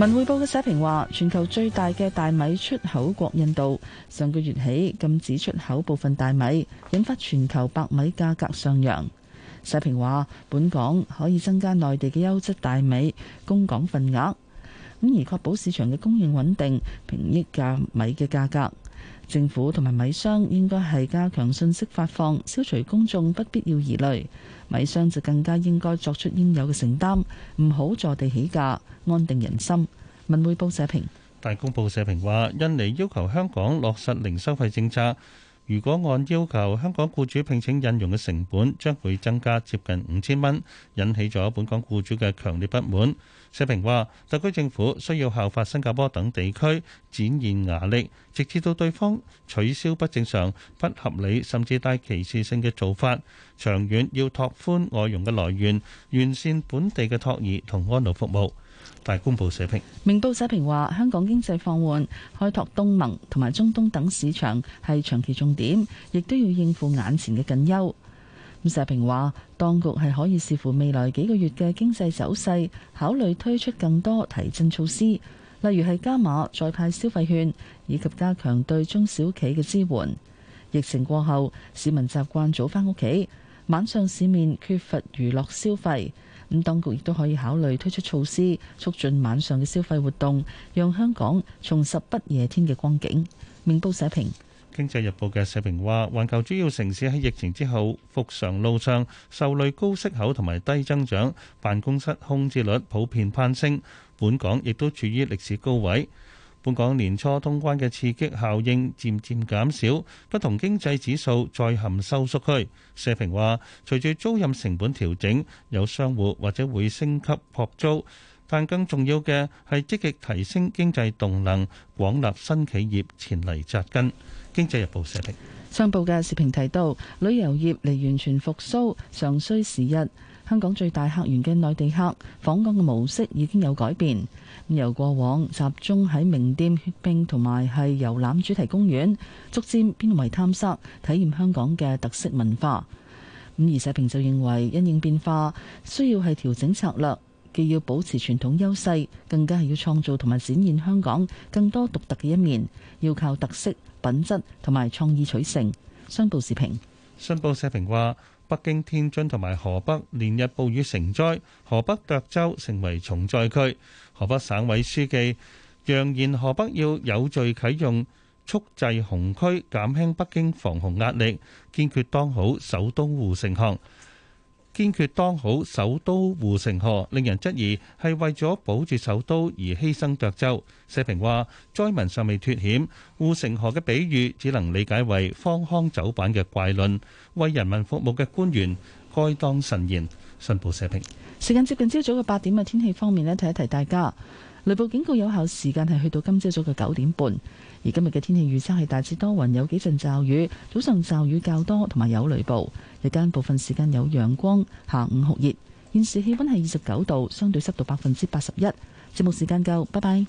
文匯報嘅社評話，全球最大嘅大米出口國印度上個月起禁止出口部分大米，引發全球白米價格上揚。社評話，本港可以增加內地嘅優質大米供港份額，咁而確保市場嘅供應穩定，平抑價米嘅價格。政府同埋米商應該係加強信息發放，消除公眾不必要疑慮。米商就更加應該作出應有嘅承擔，唔好坐地起價，安定人心。文匯報社評，大公報社評話，印尼要求香港落實零收費政策，如果按要求，香港僱主聘請印傭嘅成本將會增加接近五千蚊，引起咗本港僱主嘅強烈不滿。社評話，特區政府需要效法新加坡等地區，展現牙力，直至到對方取消不正常、不合理甚至帶歧視性嘅做法。長遠要拓寬外傭嘅來源，完善本地嘅托兒同安老服務。大公報社評，明報社評話，香港經濟放緩，開拓東盟同埋中東等市場係長期重點，亦都要應付眼前嘅緊憂。咁社評話，當局係可以視乎未來幾個月嘅經濟走勢，考慮推出更多提振措施，例如係加碼再派消費券，以及加強對中小企嘅支援。疫情過後，市民習慣早返屋企，晚上市面缺乏娛樂消費，咁當局亦都可以考慮推出措施，促進晚上嘅消費活動，讓香港重拾不夜天嘅光景。明報社評。《經濟日報》嘅社評話：環球主要城市喺疫情之後復常路上，受累高息口同埋低增長，辦公室空置率普遍攀升。本港亦都處於歷史高位。本港年初通關嘅刺激效應漸漸減少，不同經濟指數再陷收縮區。社評話：隨住租賃成本調整，有商戶或者會升級撲租，但更重要嘅係積極提升經濟動能，廣納新企業前嚟扎根。經濟日報社評上報嘅時評提到，旅遊業嚟，完全復蘇尚需時日。香港最大客源嘅內地客訪港嘅模式已經有改變，由過往集中喺名店、血拼同埋係遊覽主題公園，逐漸變為探索體驗香港嘅特色文化。咁而社評就認為，因應變化需要係調整策略，既要保持傳統優勢，更加係要創造同埋展現香港更多獨特嘅一面，要靠特色，品質同埋創意取勝。商報視頻，商報社評話：北京、天津同埋河北連日暴雨成災，河北涿州成為重災區。河北省委書記揚言，河北要有序啟用蓄滯洪區，減輕北京防洪壓力，堅決當好首都護城項。堅決當好首都護城河，令人質疑係為咗保住首都而犧牲涿州。社評話：災民尚未脫險，護城河嘅比喻只能理解為荒腔走板嘅怪論。為人民服務嘅官員該當慎言。信報社評。時間接近朝早嘅八點啊，天氣方面呢，提一提大家，雷暴警告有效時間係去到今朝早嘅九點半。而今日嘅天氣預測係大致多雲，有幾陣驟雨，早上驟雨較多，同埋有雷暴。日間部分時間有陽光，下午酷熱。現時氣溫係二十九度，相對濕度百分之八十一。節目時間夠，拜拜。